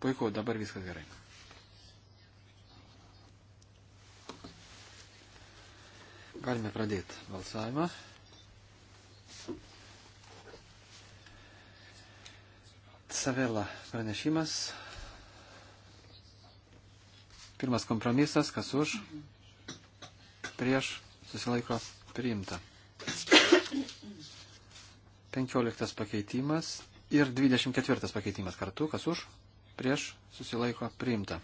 Speaker 2: Puiku, dabar viskas gerai. Galime pradėti balsavimą. Savela pranešimas Pirmas kompromisas, kas už, prieš, susilaiko priimta. 15 pakeitimas ir 24 pakeitimas kartu, kas už, prieš, susilaiko priimta.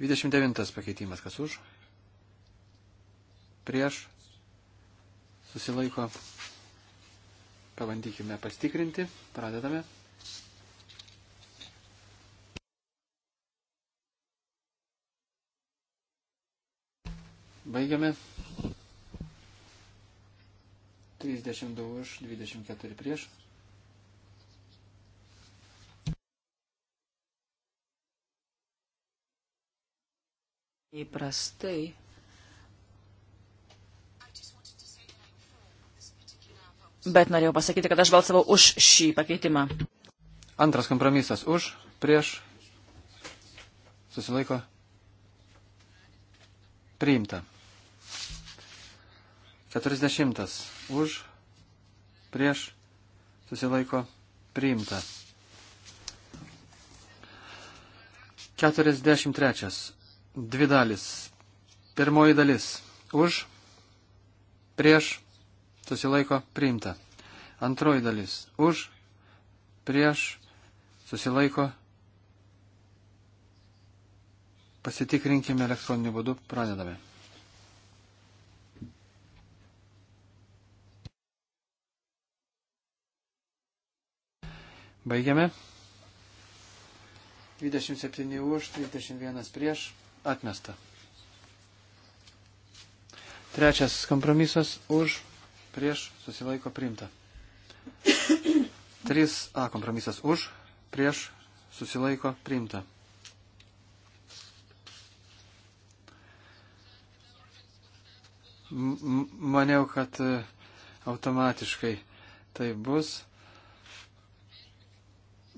Speaker 2: Dvidešimt devintas pakeitimas, kas už, prieš, susilaiko priimta Pabandykime pastikrinti. Pradedame. Baigiame. 32 už, 24 prieš.
Speaker 3: Įprastai Bet norėjau pasakyti, kad aš balsavau už šį pakeitimą.
Speaker 2: Antras kompromisas už, prieš, susilaiko, priimta. 40 už, prieš, susilaiko, priimta. 43. Dvi dalis. Pirmoji dalis. Už, prieš, susilaiko priimta. Antroji dalis už, prieš, susilaiko. Pasitikrinkime elektroniniu būdu, pradedame. Baigiame. 27 už, 31 prieš, atmesta. Trečias kompromisas už prieš, susilaiko priimta. 3A kompromisas už, prieš, susilaiko priimta. M maniau, kad e, automatiškai tai bus.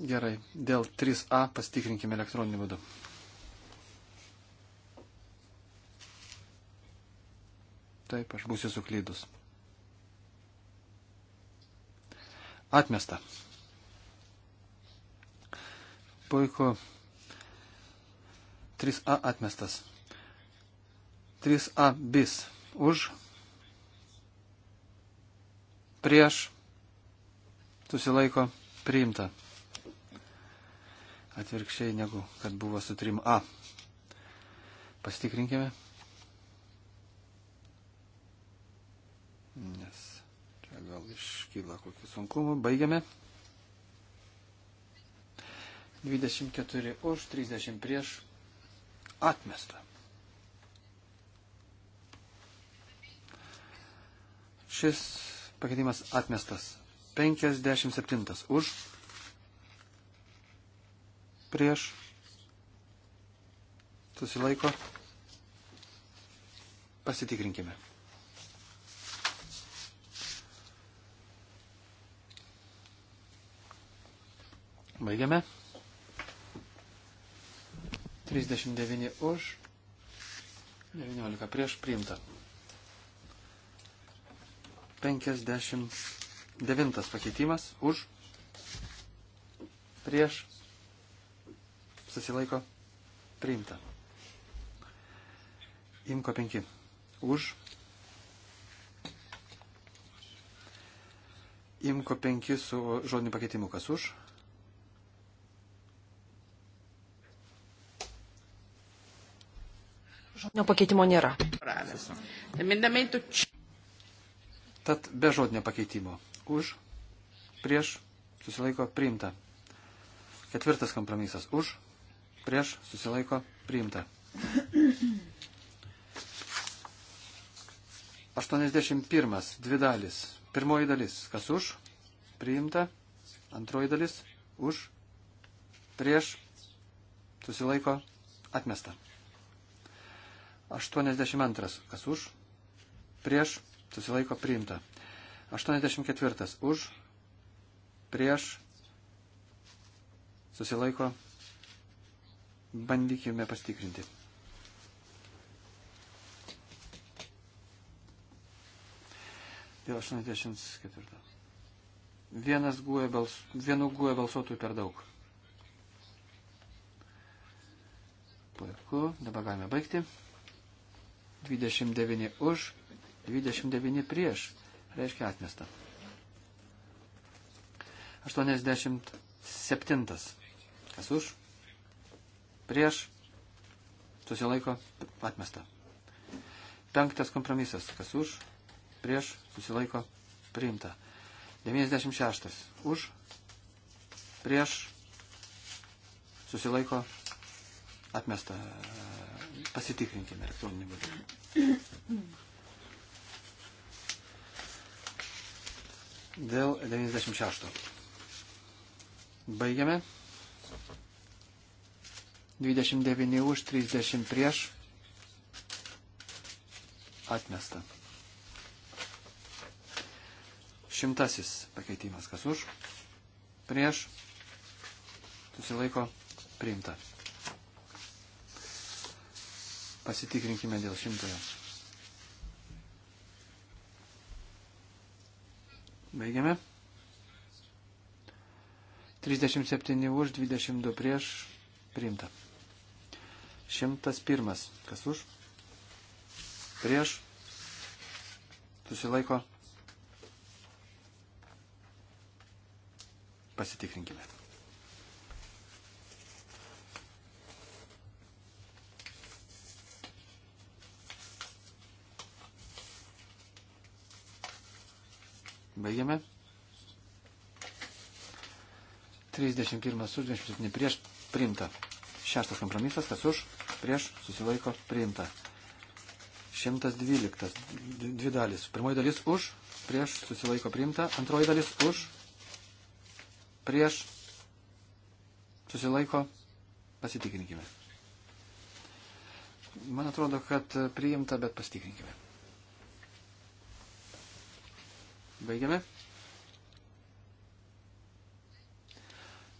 Speaker 2: Gerai, dėl 3A pastikrinkime elektroninį būdą. Taip, aš būsiu suklydus. Atmesta. Puiku. 3A atmestas. 3A bis. Už. Prieš. Susilaiko. Priimta. Atvirkščiai negu kad buvo su 3A. Pasitikrinkime. Nes gal iškyla kokių sunkumų. Baigiame. 24 už, 30 prieš. Atmesta. Šis pakeitimas atmestas. 57 už. Prieš. Susilaiko. Pasitikrinkime. Baigiame. 39 už, 19 prieš priimta. 59 pakeitimas už, prieš, susilaiko, priimta. Imko 5 už, Imko 5 su žodiniu pakeitimu kas už,
Speaker 1: Žodinio pakeitimo nėra.
Speaker 2: Tad be žodinio pakeitimo. Už, prieš, susilaiko, priimta. Ketvirtas kompromisas. Už, prieš, susilaiko, priimta. 81. Dvi dalis. Pirmoji dalis. Kas už, priimta. Antroji dalis. Už, prieš, susilaiko, atmesta. 82. Kas už? Prieš. Susilaiko priimta. 84. Už. Prieš. Susilaiko. Bandykime pastikrinti. Dėl 84. Vienas guoja bals, vienu guoja balsuotų per daug. Puiku, dabar galime baigti. 29 už, 29 prieš. Reiškia atmesta. 87. Kas už? Prieš. Susilaiko. Atmesta. Penktas kompromisas. Kas už? Prieš. Susilaiko. Priimta. 96. Už. Prieš. Susilaiko. Atmesta. Pasitikrinkime elektroninį būdą. Dėl 96. Baigiame. 29 už, 30 prieš. Atmesta. Šimtasis pakeitimas. Kas už? Prieš. Susilaiko. Priimta. Pasitikrinkime dėl šimtojo. Baigiame. 37 už, 22 prieš, priimta. 101. Kas už? Prieš. Susilaiko. Pasitikrinkime. Baigiame. 31 už, 27 prieš, priimta. Šeštas kompromisas, kas už, prieš, susilaiko, priimta. 112, dvi dalis. Pirmoji dalis už, prieš, susilaiko, priimta. Antroji dalis už, prieš, susilaiko, pasitikrinkime. Man atrodo, kad priimta, bet pasitikrinkime. Baigiame.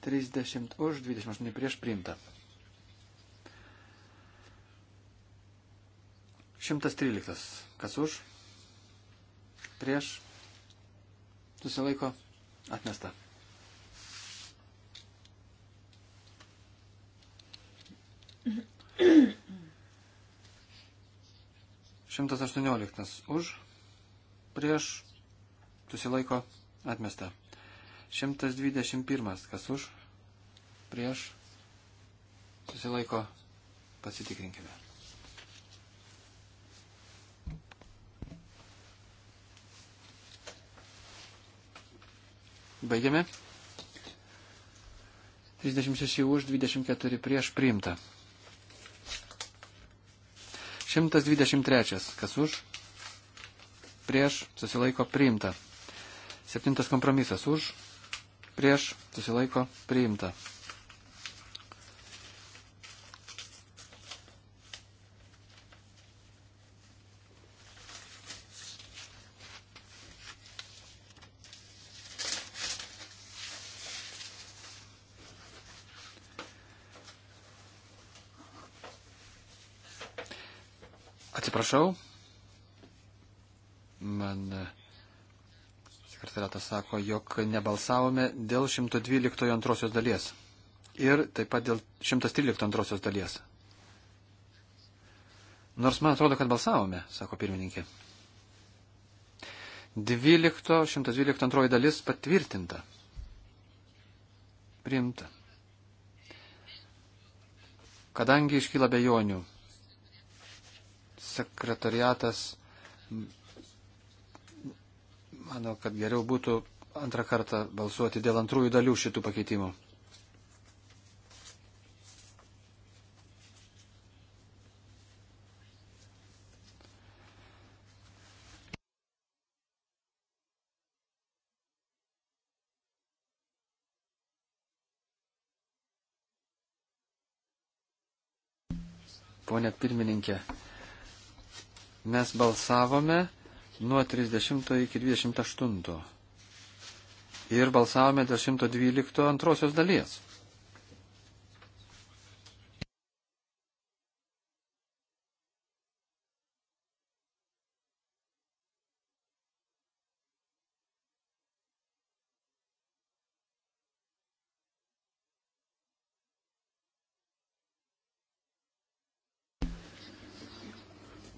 Speaker 2: 30 už, 28 prieš priimta. 113. Kas už? Prieš. Susilaiko. Atmesta. Šimtas aštuonioliktas už, prieš, susilaiko atmesta. 121. Kas už, prieš, susilaiko, pasitikrinkime. Baigiame. 36 už, 24 prieš priimta. 123. Kas už? Prieš susilaiko priimta. Septintas kompromisas už, prieš, susilaiko, priimta. Atsiprašau, man Sekretariatas sako, jog nebalsavome dėl 112 antrosios dalies ir taip pat dėl 113 antrosios dalies. Nors man atrodo, kad balsavome, sako pirmininkė. 12, 112 antroji dalis patvirtinta. Priimta. Kadangi iškyla bejonių, sekretariatas Manau, kad geriau būtų antrą kartą balsuoti dėl antrųjų dalių šitų pakeitimų. Pone pirmininkė, mes balsavome nuo 30 iki 28. Ir balsavome dėl 112 antrosios dalies.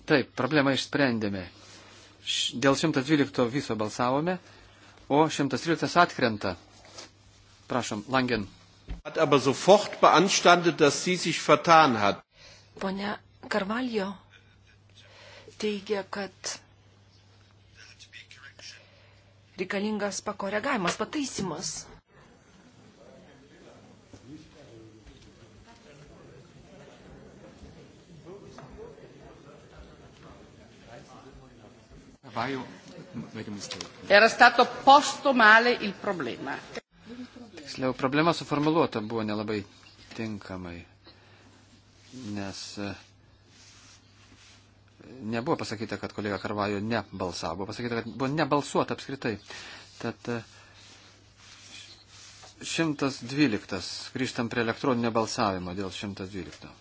Speaker 2: Taip, problemą išsprendėme. Dėl 112 viso balsavome, o 113 atkrenta. Prašom, Langen. Hat aber sofort beanstandet, dass sie sich vertan hat.
Speaker 1: Pone Karvaljo teigia, kad reikalingas pakoregavimas, pataisimas. Era stato posto male il
Speaker 2: problema. Tiksliau, problema suformuluota buvo nelabai tinkamai, nes e, nebuvo pasakyta, kad kolega Karvajo nebalsavo, buvo pasakyta, kad buvo nebalsuota apskritai. Tad 112. E, Grįžtam prie elektroninio balsavimo dėl 112.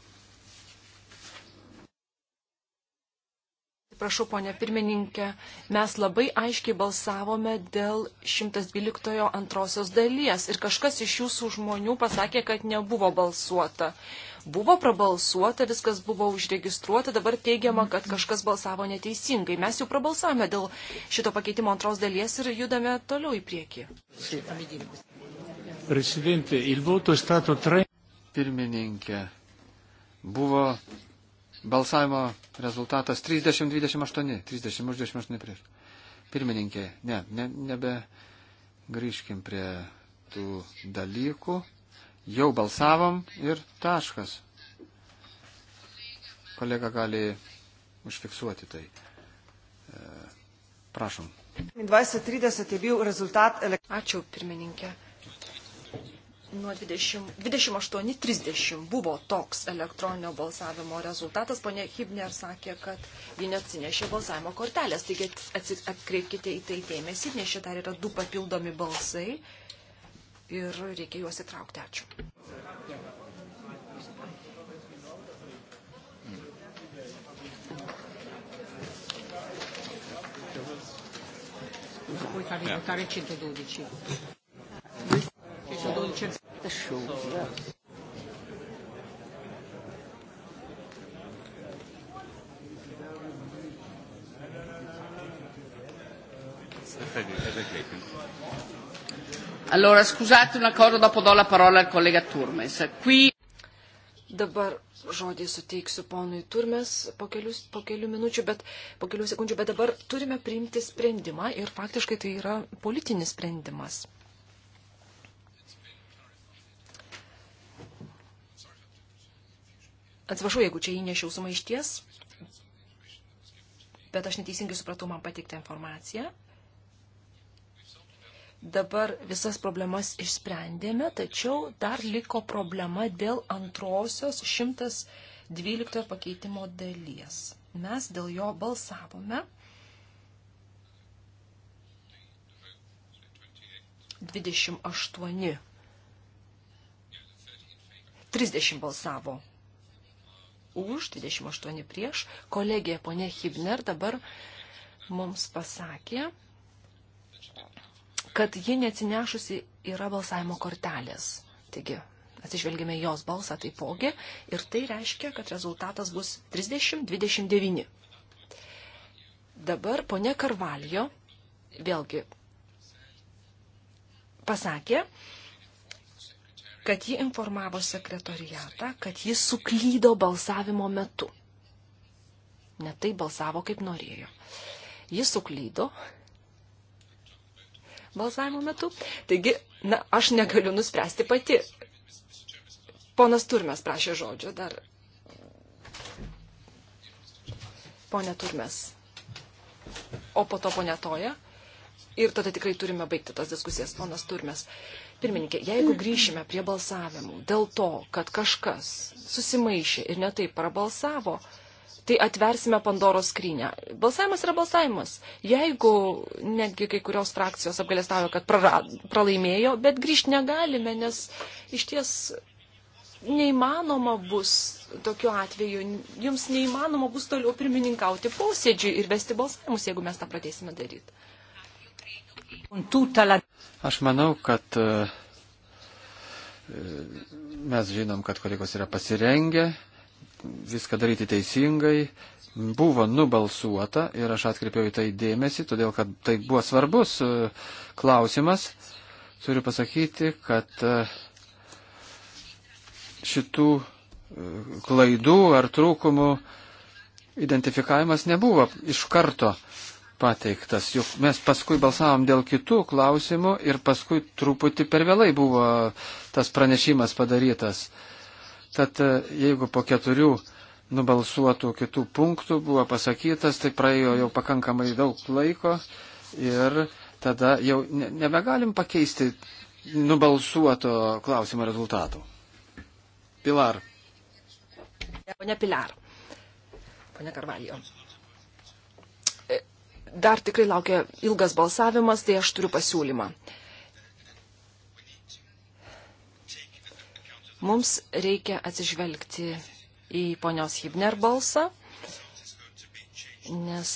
Speaker 1: Prašau, ponė pirmininkė, mes labai aiškiai balsavome dėl 112 antrosios dalies ir kažkas iš jūsų žmonių pasakė, kad nebuvo balsuota. Buvo prabalsuota, viskas buvo užregistruota, dabar teigiama, kad kažkas balsavo neteisingai. Mes jau prabalsavome dėl šito pakeitimo antros dalies ir judame toliau į priekį.
Speaker 2: Pirmininkė, buvo Balsavimo rezultatas 30-28. 30 už 28 prieš. Pirmininkė, ne, ne, nebe grįžkim prie tų dalykų. Jau balsavom ir taškas. Kolega gali užfiksuoti tai. E, prašom.
Speaker 1: 20.30 je bil rezultat. Ačiū, pirmininkė nuo 28.30 buvo toks elektroninio balsavimo rezultatas. Pone Hibner sakė, kad ji neatsinešė balsavimo kortelės, taigi atkreipkite į tai dėmesį, nes šitą yra du papildomi balsai ir reikia juos įtraukti. Ačiū.
Speaker 2: Puoi farli votare
Speaker 3: 112. Richard. The show. Yeah. Allora, scusate una cosa, dopo do la parola al collega Turmes. Qui...
Speaker 1: Dabar žodį suteiksiu ponui Turmes po, kelius, po kelių minučių, bet po kelių sekundžių, bet dabar turime priimti sprendimą ir faktiškai tai yra politinis sprendimas. Atsiprašau, jeigu čia įnešiau sumaišties, bet aš neteisingai supratau man patiktą informaciją. Dabar visas problemas išsprendėme, tačiau dar liko problema dėl antrosios 112 pakeitimo dalies. Mes dėl jo balsavome 28. 30 balsavo už, 28 prieš. Kolegija ponė Hibner dabar mums pasakė, kad ji neatsinešusi yra balsavimo kortelės. Taigi, atsižvelgime jos balsą taipogi ir tai reiškia, kad rezultatas bus 30-29. Dabar ponė Karvaljo vėlgi pasakė, kad ji informavo sekretoriatą, kad jis suklydo balsavimo metu. Netai balsavo, kaip norėjo. Jis suklydo balsavimo metu. Taigi, na, aš negaliu nuspręsti pati. Ponas Turmes prašė žodžio dar. Pone Turmes. O po to ponė Toja. Ir tada tikrai turime baigti tas diskusijas, ponas Turmes. Uh, Pirmininkė, jeigu grįšime prie balsavimų dėl to, kad kažkas susimaišė ir netaip prabalsavo, tai atversime Pandoros skrynę. Balsavimas yra balsavimas. Jeigu netgi kai kurios frakcijos apgalėstavo, kad prarad, pralaimėjo, bet grįžti negalime, nes iš ties neįmanoma bus tokiu atveju, jums neįmanoma bus toliau pirmininkauti posėdžiui ir vesti balsavimus, jeigu mes tą pradėsime daryti.
Speaker 2: Aš manau, kad e, e, mes žinom, kad kolegos yra pasirengę viską daryti teisingai. Buvo nubalsuota ir aš atkreipiau į tai dėmesį, todėl kad tai buvo svarbus e, klausimas. Turiu pasakyti, kad šitų klaidų ar trūkumų identifikavimas nebuvo iš karto pateiktas, juk mes paskui balsavom dėl kitų klausimų ir paskui truputį per vėlai buvo tas pranešimas padarytas. Tad e, jeigu po keturių nubalsuotų kitų punktų buvo pasakytas, tai praėjo jau pakankamai daug laiko ir tada jau nebegalim pakeisti nubalsuoto klausimo rezultatų. Pilar.
Speaker 1: Pone Pilar. Pone Karvalijo dar tikrai laukia ilgas balsavimas, tai aš turiu pasiūlymą. Mums reikia atsižvelgti į ponios Hibner balsą, nes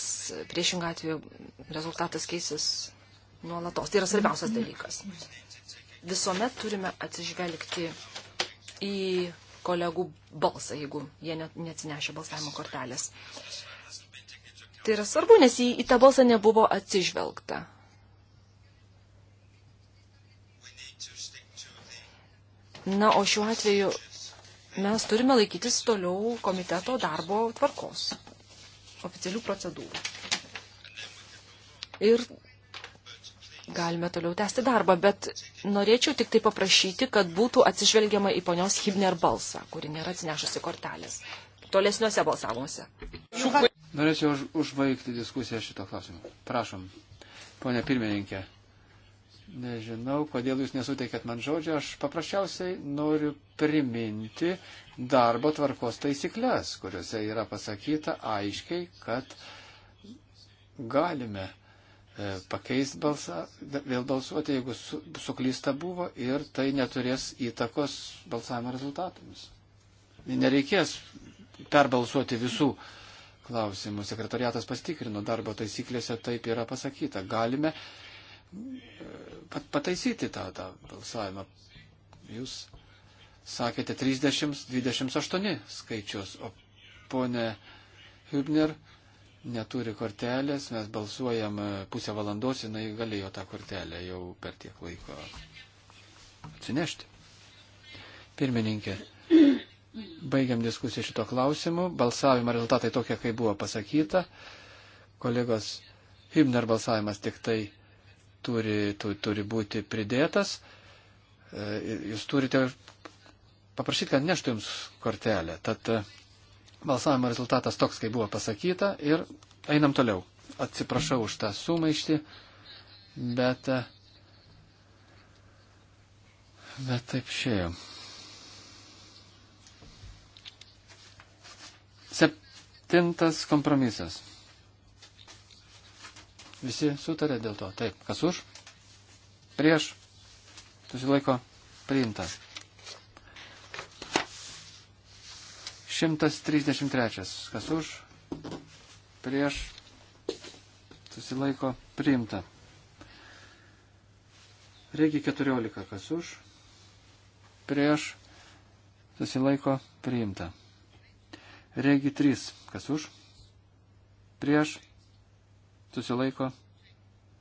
Speaker 1: priešingą atveju rezultatas keisis nuolatos. Tai yra svarbiausias dalykas. Visuomet turime atsižvelgti į kolegų balsą, jeigu jie neatsinešė balsavimo kortelės. Uh, tai yra svarbu, nes į, į tą balsą nebuvo atsižvelgta. Na, o šiuo atveju mes turime laikytis toliau komiteto darbo tvarkos, oficialių procedūrų. Ir galime toliau tęsti darbą, bet norėčiau tik tai paprašyti, kad būtų atsižvelgiama į ponios Hibner balsą, kuri nėra atsinešusi kortelės tolesniuose balsavimuose.
Speaker 2: Norėčiau už, užbaigti diskusiją šito klausimu. Prašom, ponia pirmininkė. Nežinau, kodėl jūs nesuteikėt man žodžio. Aš paprasčiausiai noriu priminti darbo tvarkos taisyklės, kuriuose yra pasakyta aiškiai, kad galime e, pakeisti balsą, vėl balsuoti, jeigu su, suklysta buvo ir tai neturės įtakos balsavimo rezultatams. Nereikės perbalsuoti visų. Mm klausimų. Sekretariatas pastikrino darbo taisyklėse, taip yra pasakyta. Galime e, pataisyti tą, tą balsavimą. Jūs sakėte 30-28 skaičius, o ponė Hübner neturi kortelės, mes balsuojam e, pusę valandos, jinai galėjo tą kortelę jau per tiek laiko atsinešti. Pirmininkė, Baigiam diskusiją šito klausimu. Balsavimo rezultatai tokie, kaip buvo pasakyta. Kolegos Hibner balsavimas tik tai turi, tu, turi būti pridėtas. E, jūs turite paprašyti, kad neštų jums kortelę. Tad e, balsavimo rezultatas toks, kaip buvo pasakyta. Ir einam toliau. Atsiprašau už tą sumaištį, bet, e, bet taip šėjom. Septintas kompromisas. Visi sutarė dėl to. Taip, kas už? Prieš. Susilaiko priimta. 133. Kas už? Prieš. Susilaiko priimta. Reikia 14. Kas už? Prieš. Susilaiko priimta. Regi 3. Kas už? Prieš. Susilaiko.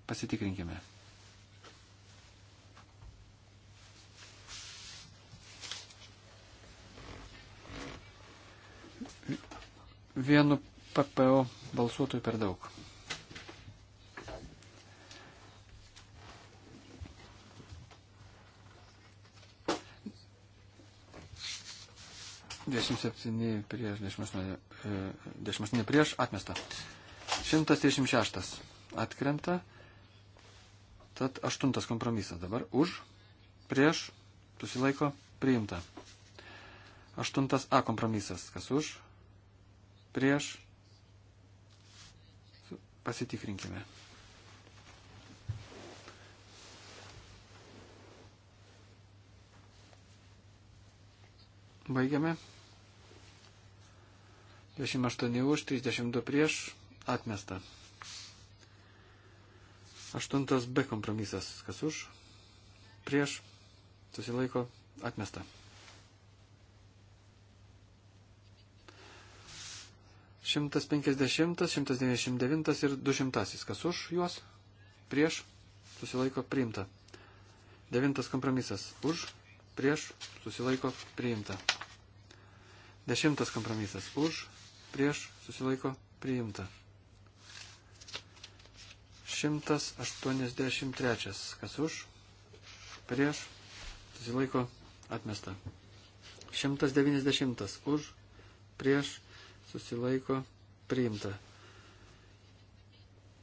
Speaker 2: Pasitikrinkime. Vienu PPO balsuotojų per daug. 27 prieš, 28, 28 e, prieš, atmesta. 136 atkrenta. Tad aštuntas kompromisas dabar už, prieš, susilaiko, priimta. Aštuntas A kompromisas, kas už, prieš, pasitikrinkime. Baigiame. 28 už, 32 prieš, atmesta. 8 B kompromisas, kas už, prieš, susilaiko, atmesta. Šimtas penkisdešimtas, šimtas devyniasdešimt devintas ir du šimtasis. Kas už juos? Prieš? Susilaiko priimta. Devintas kompromisas. Už? Prieš? Susilaiko priimta. Dešimtas kompromisas. Už? prieš susilaiko priimta. 183. Kas už? Prieš susilaiko atmesta. 190. Už prieš susilaiko priimta.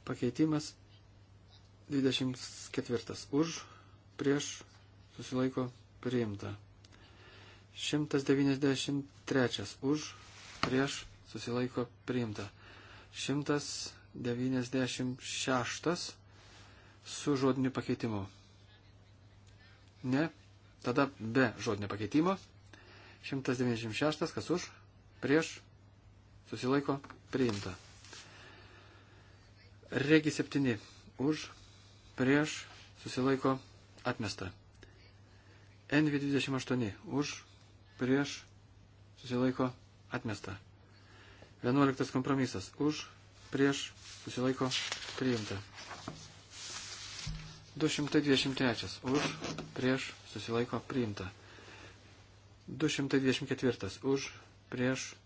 Speaker 2: Pakeitimas 24. Už prieš susilaiko priimta. 193 už, prieš, susilaiko priimta. 196 su žodiniu pakeitimu. Ne, tada be žodinio pakeitimo. 196, kas už, prieš, susilaiko priimta. Regi 7, už, prieš, susilaiko atmesta. NV28, už, prieš, susilaiko atmesta. 11 kompromisas. Už, prieš, susilaiko, priimta. 223. Už, prieš, susilaiko, priimta. 224. Už, prieš,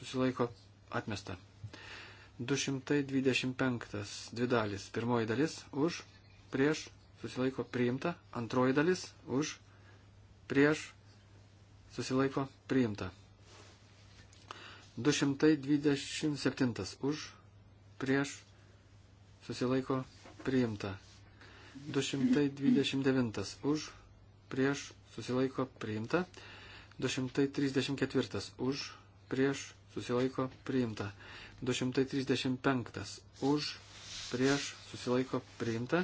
Speaker 2: susilaiko, atmesta. 225. Dvi dalis. Pirmoji dalis. Už, prieš, susilaiko, priimta. Antroji dalis. Už, prieš, susilaiko, priimta. 227 už, prieš, susilaiko, priimta. 229 už, prieš, susilaiko, priimta. 234 už, prieš, susilaiko, priimta. 235 už, prieš, susilaiko, priimta.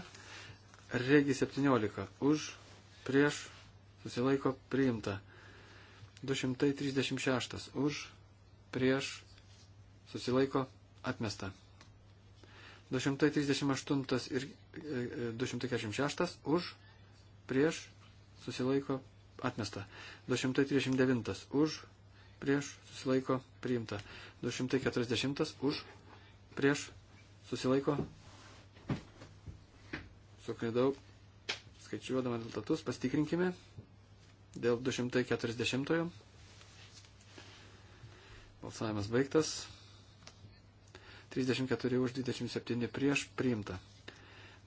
Speaker 2: Regi 17 už, prieš, susilaiko, priimta. 236 už, prieš susilaiko atmesta. 238 ir 246 e, e, už prieš susilaiko atmesta. 239 už prieš susilaiko priimta. 240 už prieš susilaiko. Suklydau skaičiuodama rezultatus, pastikrinkime dėl 240. -ojo. Balsavimas baigtas. 34 už 27 prieš priimta.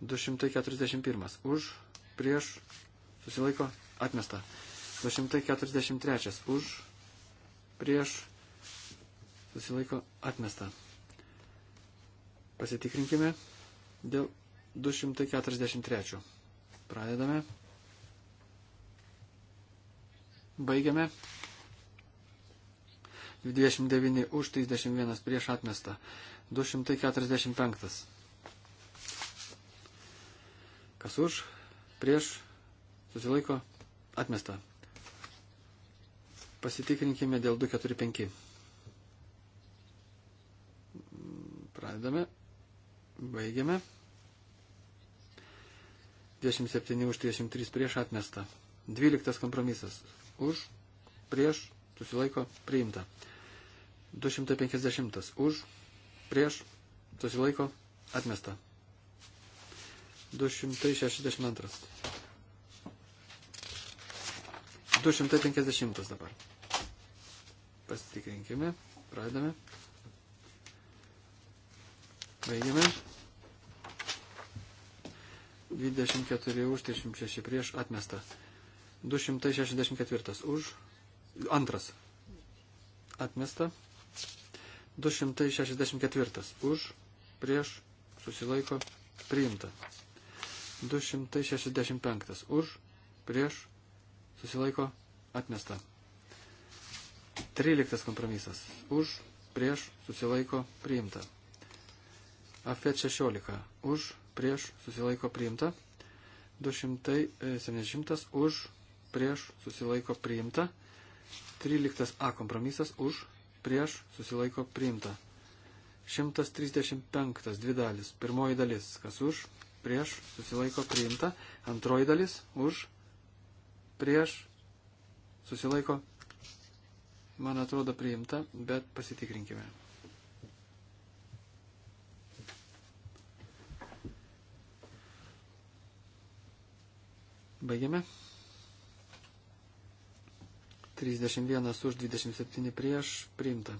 Speaker 2: 241 už prieš susilaiko atmesta. 243 už prieš susilaiko atmesta. Pasitikrinkime dėl 243. Pradedame. Baigiame. 29 už 31 prieš atmestą. 245. Kas už, prieš, susilaiko, atmesta. Pasitikrinkime dėl 245. Pradedame, baigiame. 27 už 33 prieš atmesta. 12 kompromisas. Už, prieš, susilaiko, priimta. 250 už, prieš, susilaiko, atmesta. 262. 250 dabar. Pasitikrinkime, pradame. Baigiame. 24 už, 36 prieš, atmesta. 264 už, antras. Atmesta. 264 už, prieš, susilaiko, priimta. 265 už, prieš, susilaiko, atmesta. 13 kompromisas už, prieš, susilaiko, priimta. Afet 16 už, prieš, susilaiko, priimta. 270 už, prieš, susilaiko, priimta. 13 A kompromisas už, prieš susilaiko priimta. 135, dvi dalis. Pirmoji dalis, kas už, prieš susilaiko priimta. Antroji dalis, už, prieš susilaiko, man atrodo, priimta, bet pasitikrinkime. Baigiame. 31 už 27 prieš priimta.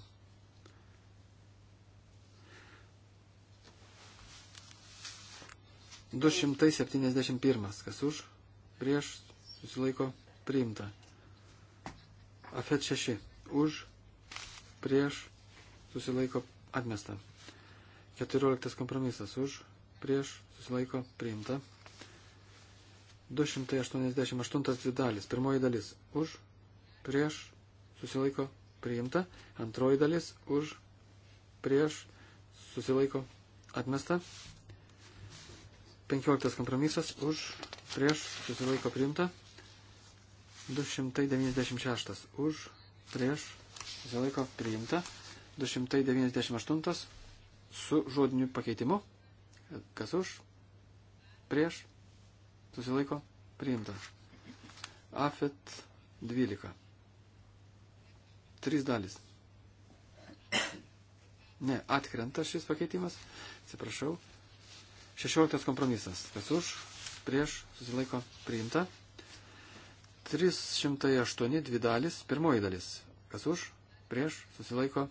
Speaker 2: Du šimtai septyniasdešimt pirmas. Kas už? Prieš susilaiko priimta. Afet šeši. Už. Prieš susilaiko atmesta. Keturioliktas kompromisas. Už. Prieš susilaiko priimta. 288 dvi dalis. Pirmoji dalis už, prieš susilaiko priimta, antroji dalis už prieš susilaiko atmesta, 15 kompromisas už prieš susilaiko priimta, 296 už prieš susilaiko priimta, 298 su žodiniu pakeitimu, kas už prieš susilaiko priimta. Afet 12 Trys dalis. Ne, atkrenta šis pakeitimas. Atsiprašau. 16 kompromisas. Kas už, prieš, susilaiko, priimta. 308 dvi dalis. Pirmoji dalis. Kas už, prieš, susilaiko,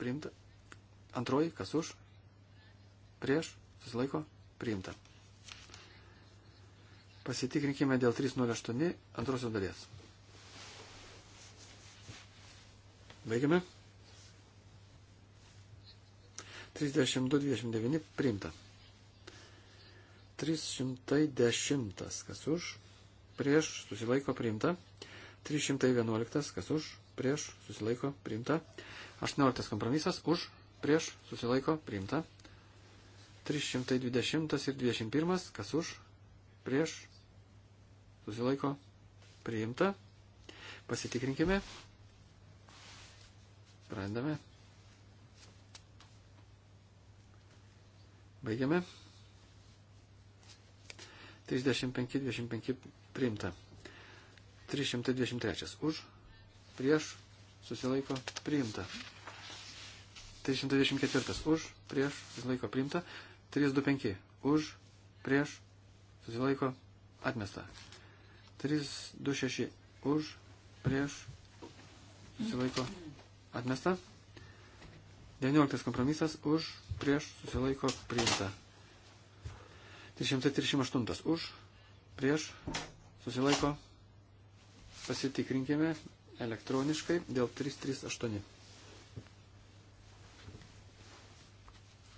Speaker 2: priimta. Antroji, kas už, prieš, susilaiko, priimta. Pasitikrinkime dėl 308 antrosios dalies. Baigiame. 32-29 priimta. 310 kas už, prieš susilaiko priimta. 311 kas už, prieš susilaiko priimta. 18 kompromisas už, prieš susilaiko priimta. 320 ir 21 kas už, prieš susilaiko priimta. Pasitikrinkime. Pradame. Baigiame. 35-25 priimta. 323 už, prieš, susilaiko, priimta. 324 už, prieš, susilaiko, priimta. 325 už, prieš, susilaiko, atmesta. 326 už, prieš, susilaiko, priimta atmesta. 19 kompromisas už, prieš, susilaiko, priimta. 338 už, prieš, susilaiko, pasitikrinkime elektroniškai dėl 338.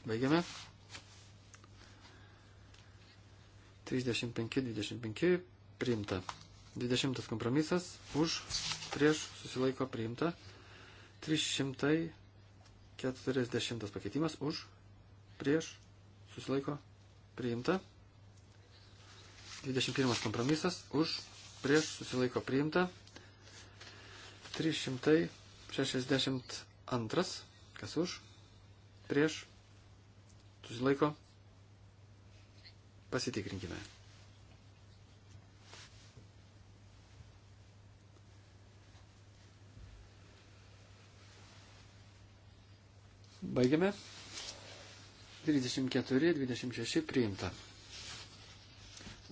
Speaker 2: Baigiame. 35-25 priimta. 20 kompromisas už, prieš, susilaiko, priimta. 340 pakeitimas už, prieš, susilaiko, priimta. 21 kompromisas už, prieš, susilaiko, priimta. 362 kas už, prieš, susilaiko, pasitikrinkime. Baigiame. 34, 26 priimta.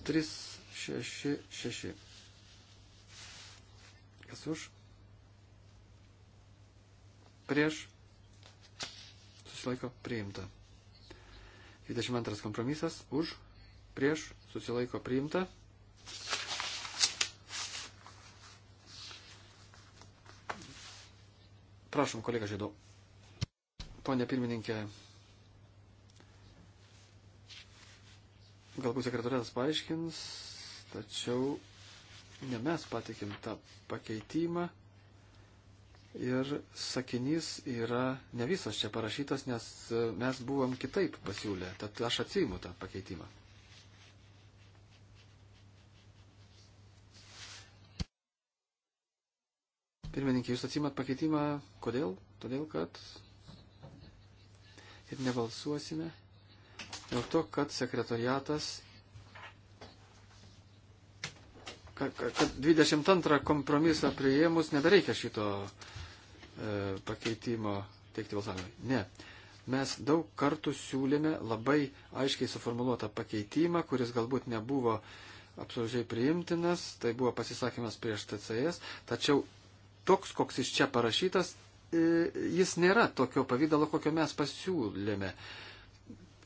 Speaker 2: 3, 6, 6. Kas už? Prieš. Susilaiko priimta. 22 kompromisas. Už. Prieš. Susilaiko priimta. prašom, kolega Žydau. Pone pirmininkė, galbūt sekretorės paaiškins, tačiau ne mes patikim tą pakeitimą. Ir sakinys yra ne visas čia parašytas, nes mes buvom kitaip pasiūlę, tad aš atsijimu tą pakeitimą. Pirmininkė, jūs atsimat pakeitimą, kodėl? Todėl, kad ir nebalsuosime dėl to, kad sekretariatas, kad, kad 22 kompromisą prieimus nebereikia šito e, pakeitimo teikti balsavimui. Ne. Mes daug kartų siūlėme labai aiškiai suformuoluotą pakeitimą, kuris galbūt nebuvo absoliučiai priimtinas, tai buvo pasisakymas prieš TCS, tačiau toks, koks iš čia parašytas, E, jis nėra tokio pavydalo, kokio mes pasiūlėme.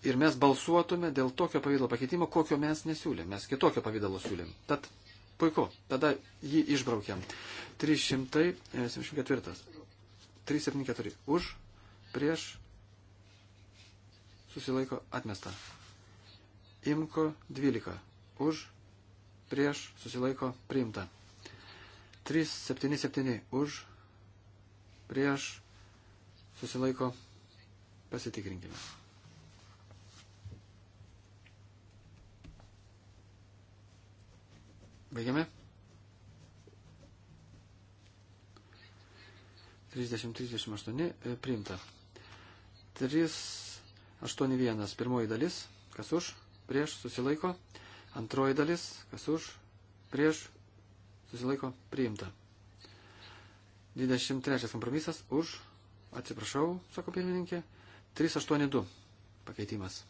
Speaker 2: Ir mes balsuotume dėl tokio pavydalo pakeitimo, kokio mes nesiūlėm. Mes kitokio pavydalo siūlėm. Tad puiku, tada jį išbraukiam. 374. 374. E, Už, prieš, susilaiko atmesta. Imko 12. Už, prieš, susilaiko priimta. 377. Už, prieš, susilaiko, pasitikrinkime. Baigiame. 30-38 e, priimta. 381 pirmoji dalis, kas už, prieš, susilaiko. Antroji dalis, kas už, prieš, susilaiko, priimta. 23 kompromisas už, atsiprašau, sako pirmininkė, 382 pakeitimas.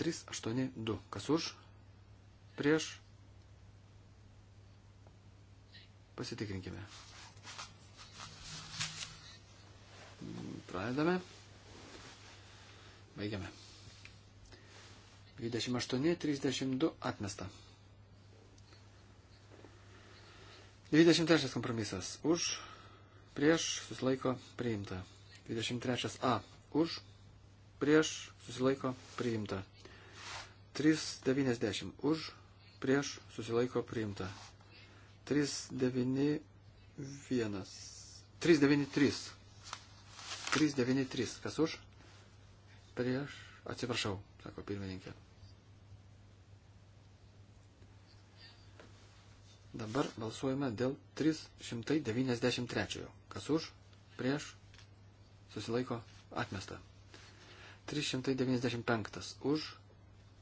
Speaker 2: 382. Kas už? Prieš? Pasitikrinkime. Pradedame. Baigiame. 28, 32 atmesta. 23 kompromisas. Už, prieš, susilaiko, priimta. 23 A. Už, prieš, susilaiko, priimta. 390. Už, prieš, susilaiko, priimta. 391. 393. 393. Kas už? Prieš. Atsiprašau, sako pirmininkė. Dabar balsuojame dėl 393. Kas už, prieš, susilaiko, atmesta. 395. Už,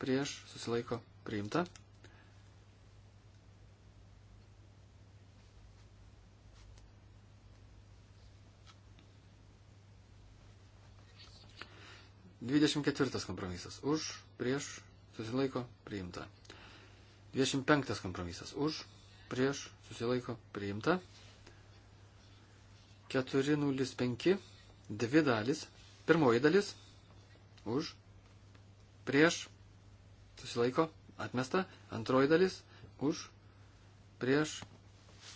Speaker 2: prieš, susilaiko, priimta. Dvidešimt ketvirtas kompromisas. Už, prieš, susilaiko, priimta. Dvidešimt penktas kompromisas. Už, prieš susilaiko priimta. 405, dvi dalis, pirmoji dalis, už, prieš, susilaiko, atmesta, antroji dalis, už, prieš,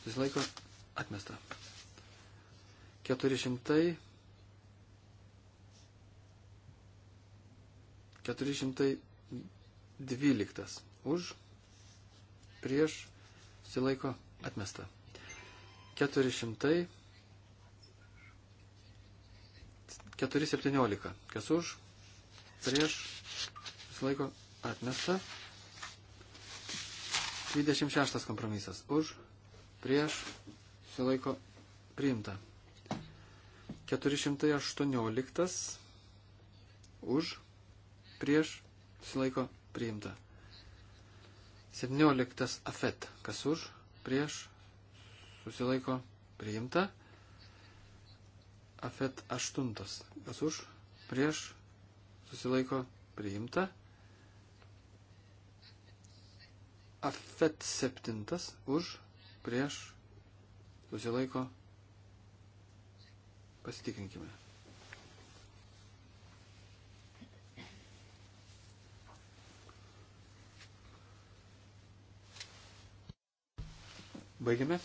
Speaker 2: susilaiko, atmesta. 400, 412, už, prieš, susilaiko atmesta. 400, 417, kas už, prieš, susilaiko atmesta. 26 kompromisas, už, prieš, susilaiko priimta. 418, už, prieš, susilaiko priimta. 17 afet. Kas už, prieš, susilaiko, priimta. Afet 8. Kas už, prieš, susilaiko, priimta. Afet 7. Už, prieš, susilaiko, pasitikrinkime. Baigiame.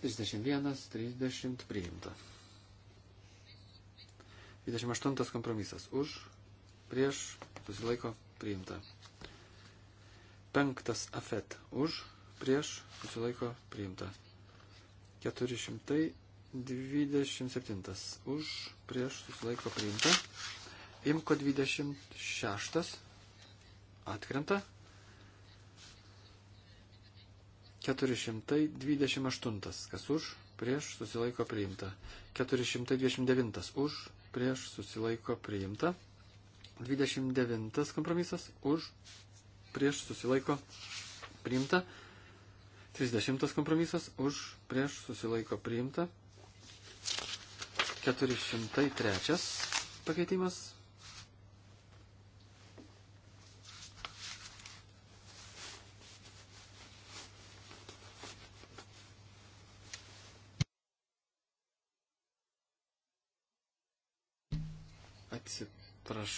Speaker 2: 31, 30 priimta. 28 kompromisas. Už, prieš, susilaiko, priimta. 5 afet. Už, prieš, susilaiko, priimta. 427. Už, prieš, susilaiko, priimta. Imko 26. Atkrenta. 428. Kas už, prieš susilaiko priimta. 429. Už, prieš susilaiko priimta. 29. Kompromisas. Už, prieš susilaiko priimta. 30. Kompromisas. Už, prieš susilaiko priimta. 403. Pakeitimas.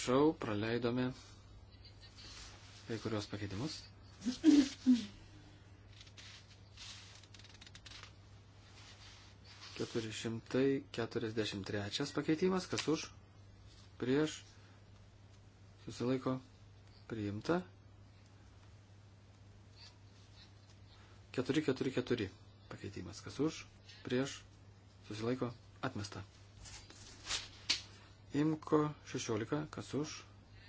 Speaker 2: Atsiprašau, praleidome kai kurios pakeitimus. Keturi šimtai keturiasdešimt trečias pakeitimas, kas už, prieš, susilaiko, priimta. Keturi, keturi, keturi pakeitimas, kas už, prieš, susilaiko, atmesta. Imko 16, kas už,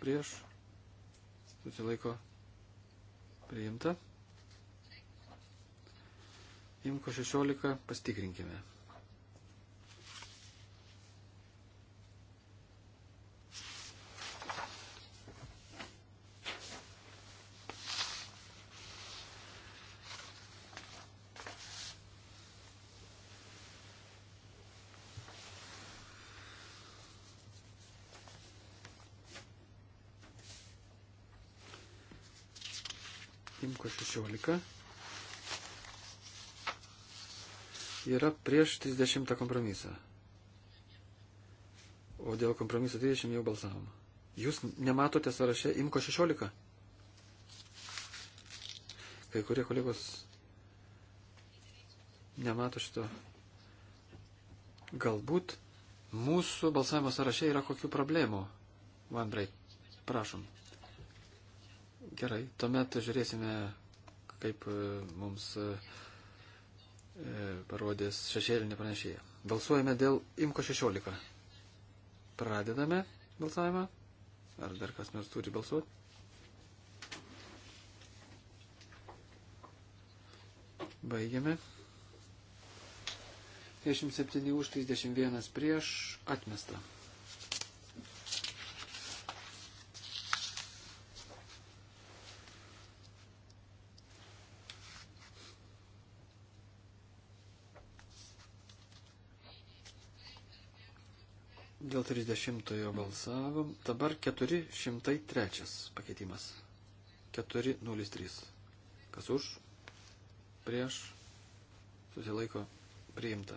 Speaker 2: prieš, susilaiko priimta. Imko 16, pastikrinkime. yra prieš 30 kompromisą. O dėl kompromiso 20 jau balsavom. Jūs nematote sąraše Imko 16? Kai kurie kolegos nemato šito. Galbūt mūsų balsavimo sąraše yra kokių problemų. Van Breit, prašom. Gerai, tuomet žiūrėsime, kaip e, mums. Uh, parodės šešėlinį pranešėją. Balsuojame dėl IMKO 16. Pradedame balsavimą. Ar dar kas nors turi balsuoti? Baigiame. 27 už 31 prieš atmestą. 30 balsavom, dabar 403 pakeitimas. 403. Kas už? Prieš? Susilaiko priimta.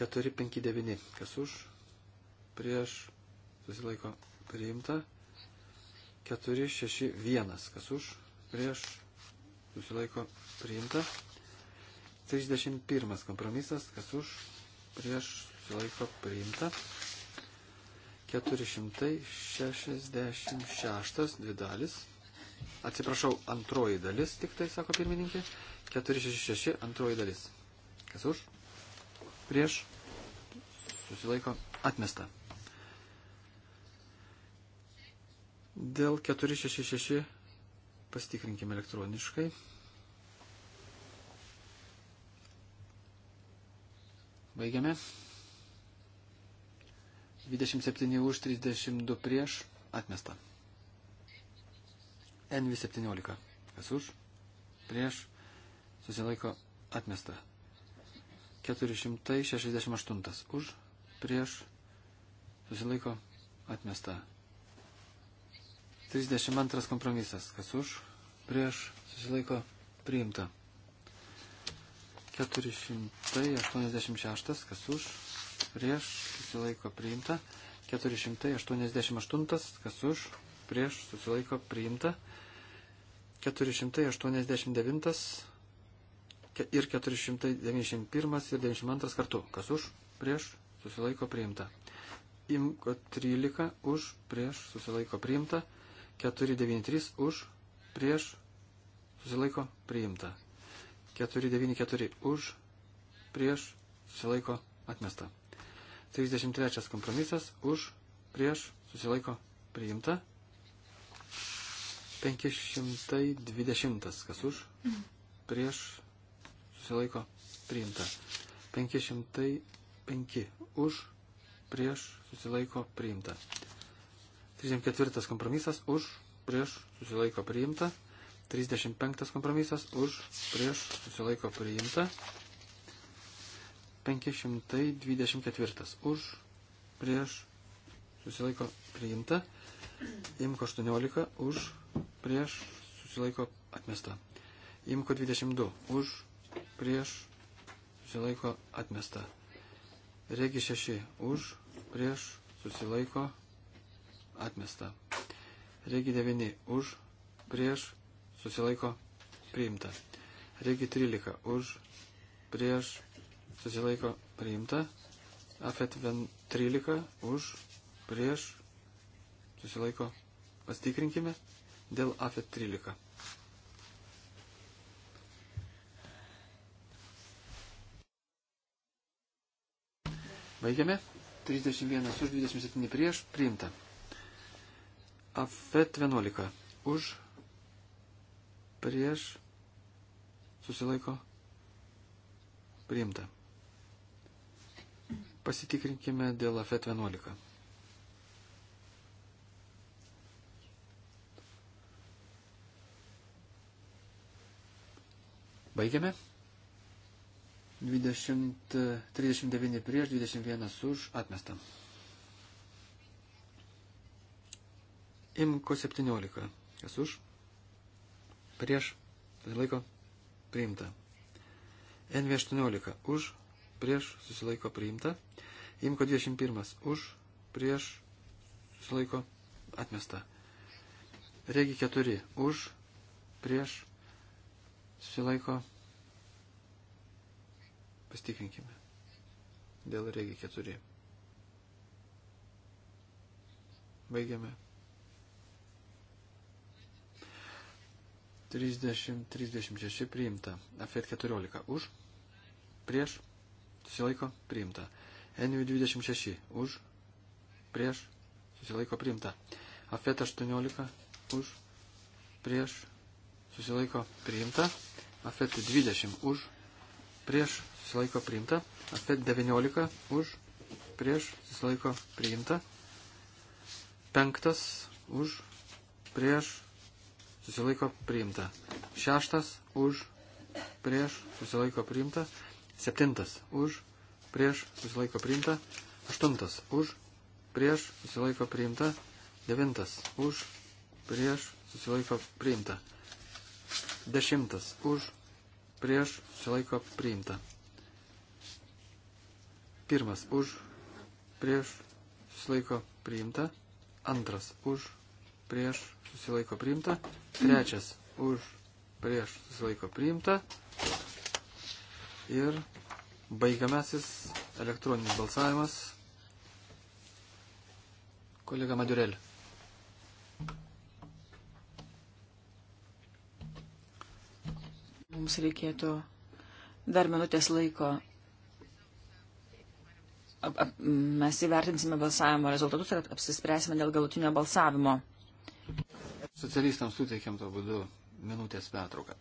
Speaker 2: 459. Kas už? Prieš? Susilaiko priimta. 461. Kas už? Prieš? Susilaiko priimta. 31 kompromisas, kas už, prieš, susilaiko priimta. 466 dvi dalis. Atsiprašau, antroji dalis, tik tai sako pirmininkė. 466 antroji dalis. Kas už? Prieš. Susilaiko atmesta. Dėl 466 pasitikrinkime elektroniškai. Baigiame. 27 už 32 prieš atmesta. NV17. Kas už? Prieš susilaiko atmesta. 468 už prieš susilaiko atmesta. 32 kompromisas. Kas už? Prieš susilaiko priimta. 486. Kas už? prieš, susilaiko priimta. 488, kas už, prieš, susilaiko priimta. 489 ir 491 ir 92 kartu, kas už, prieš, susilaiko priimta. Imko 13 už, prieš, susilaiko priimta. 493 už, prieš, susilaiko priimta. 494 už, prieš, susilaiko atmesta. 33 kompromisas už, prieš, susilaiko priimta. 520 kas už, prieš, susilaiko priimta. 505 už, prieš, susilaiko priimta. 34 kompromisas už, prieš, susilaiko priimta. 35 kompromisas už, prieš, susilaiko priimta. 524 už, prieš, susilaiko priimta, imko 18 už, prieš, susilaiko atmesta, imko 22 už, prieš, susilaiko atmesta, regi 6 už, prieš, susilaiko atmesta, regi 9 už, prieš, susilaiko priimta, regi 13 už, prieš, susilaiko priimta. Afet 13 už, prieš, susilaiko. Pastikrinkime dėl Afet 13. Baigiame. 31 už 27 prieš priimta. Afet 11 už prieš susilaiko priimta. Pasitikrinkime dėl AFET 11. Baigiame. 20, 39 prieš, 21 už atmestą. Imko 17. Kas už? Prieš. Tai laiko. Priimta. NV18. Už prieš susilaiko priimta. Imko 21 už, prieš susilaiko atmesta. Regi 4 už, prieš susilaiko. Pastikrinkime. Dėl regi 4. Baigiame. 30-36 priimta. Afet 14 už, prieš susilaiko priimta. NV26 už, prieš, susilaiko priimta. AFET 18 už, prieš, susilaiko priimta. AFET 20 už, prieš, susilaiko priimta. AFET 19 už, prieš, susilaiko priimta. Penktas už, prieš, susilaiko priimta. Šeštas už, prieš, susilaiko priimta. Septintas už, prieš susilaiko priimta. Aštuntas už, prieš susilaiko priimta. Devintas už, prieš susilaiko priimta. Dešimtas už, prieš susilaiko priimta. Pirmas už, prieš susilaiko priimta. Antras už, prieš susilaiko priimta. Trečias už, prieš susilaiko priimta. Ir baigiamasis elektroninis balsavimas. Kolega Madurelė.
Speaker 3: Mums reikėtų dar minutės laiko. Ap, ap, mes įvertinsime balsavimo rezultatus ir apsispręsime dėl galutinio
Speaker 2: balsavimo. Socialistams suteikėm to būdu minutės pertrauką.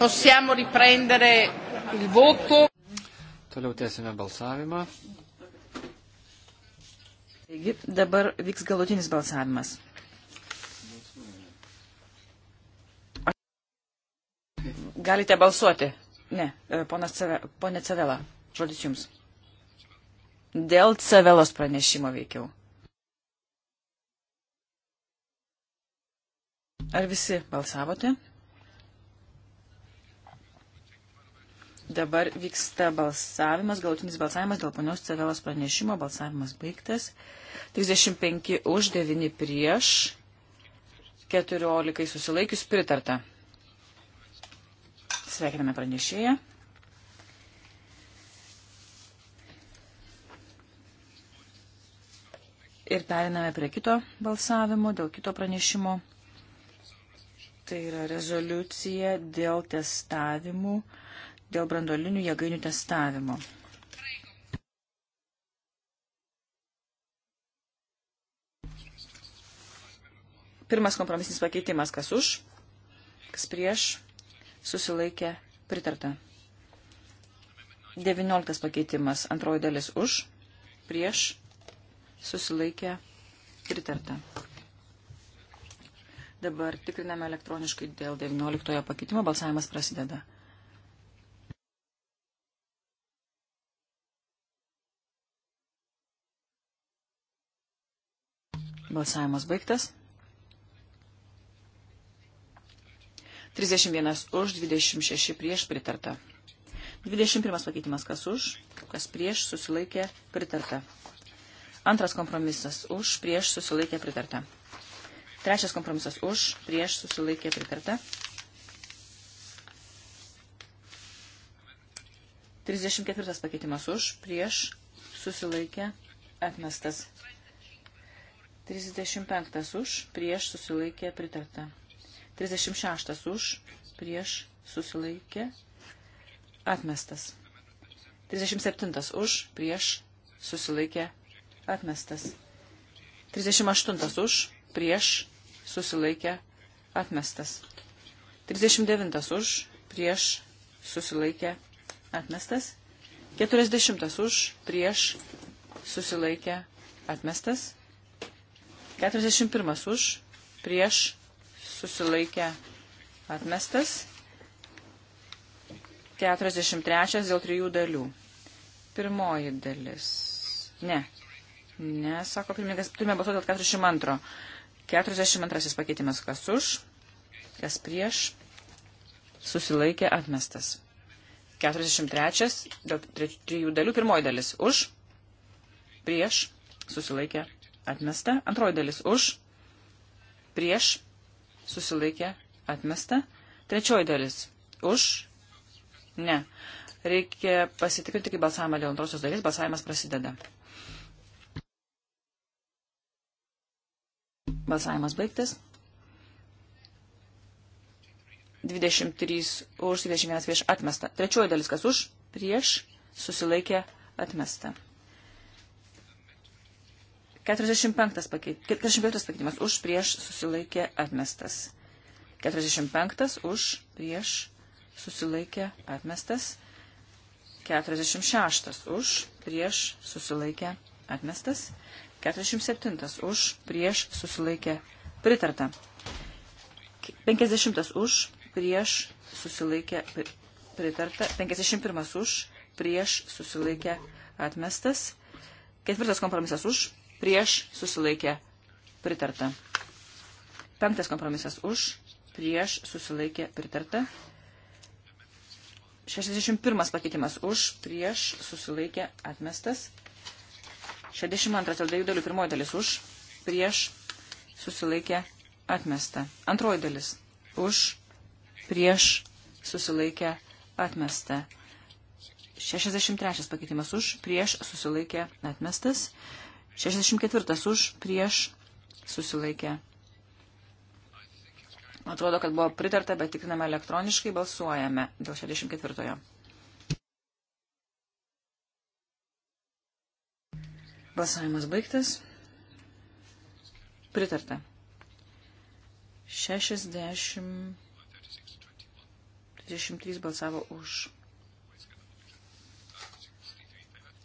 Speaker 2: Possiamo riprendere il voto. Toliau tęsime balsavimą. Taigi dabar vyks galutinis balsavimas.
Speaker 3: Galite balsuoti. Ne, e, ponė Cevela, žodis jums. Dėl Cevelos pranešimo veikiau. Ar visi balsavote? Dabar vyksta balsavimas, galutinis balsavimas dėl ponios Cevelos pranešimo. Balsavimas baigtas. 35 už, 9 prieš, 14 susilaikius pritarta. Sveikiname pranešėją. Ir periname prie kito balsavimo, dėl kito pranešimo. Tai yra rezoliucija dėl testavimų dėl brandolinių jėgainių testavimo. Pirmas kompromisinis pakeitimas, kas už, kas prieš, susilaikė pritarta. 19 pakeitimas, antroji dalis už, prieš, susilaikė pritarta. Dabar tikriname elektroniškai dėl 19 pakeitimo, balsavimas prasideda. Balsavimas baigtas. 31 už, 26 prieš pritarta. 21 pakeitimas kas už, kas prieš susilaikė pritarta. Antras kompromisas už, prieš susilaikė pritarta. Trečias kompromisas už, prieš susilaikė pritarta. 34 pakeitimas už, prieš susilaikė atmestas. 35 už, prieš susilaikė pritarta. 36 už, prieš susilaikė atmestas. 37 už, prieš susilaikė atmestas. 38 už, prieš susilaikė atmestas. 39 už, prieš susilaikė atmestas. 40 už, prieš susilaikė atmestas. 41 už, prieš, susilaikė atmestas. 43 dėl trijų dalių. Pirmoji dalis. Ne. Ne, sako pirmininkas, turime balsuoti dėl 42. 42 pakeitimas kas už, kas prieš, susilaikė atmestas. 43 dėl trijų dalių. Pirmoji dalis už, prieš, susilaikė atmesta. Antroji dalis už, prieš, susilaikė, atmesta. Trečioji dalis už, ne. Reikia pasitikrinti, kai balsavimą dėl antrosios dalies balsavimas prasideda. Balsavimas baigtas. 23 už, 21 prieš atmesta. Trečioji dalis kas už, prieš, susilaikė, atmesta. 45 pakeitimas už prieš susilaikė atmestas. 45 už prieš susilaikė atmestas. 46 už prieš susilaikė atmestas. 47 už prieš susilaikė pritarta. 50 už prieš susilaikė pritarta. 51 už prieš susilaikė atmestas. Ketvirtas kompromisas už prieš susilaikė pritarta. Penktas kompromisas už, prieš susilaikė pritarta. 61 pakeitimas už, prieš susilaikė atmestas. 62 dviejų dalių pirmoji dalis už, prieš susilaikė atmesta. Antroji dalis už, prieš susilaikė atmesta. 63 pakeitimas už, prieš susilaikė atmestas. 64 už prieš susilaikė. Atrodo, kad buvo pritarta, bet tikriname elektroniškai, balsuojame dėl 64-ojo. Balsavimas baigtas. Pritarta. 60. 33 balsavo už.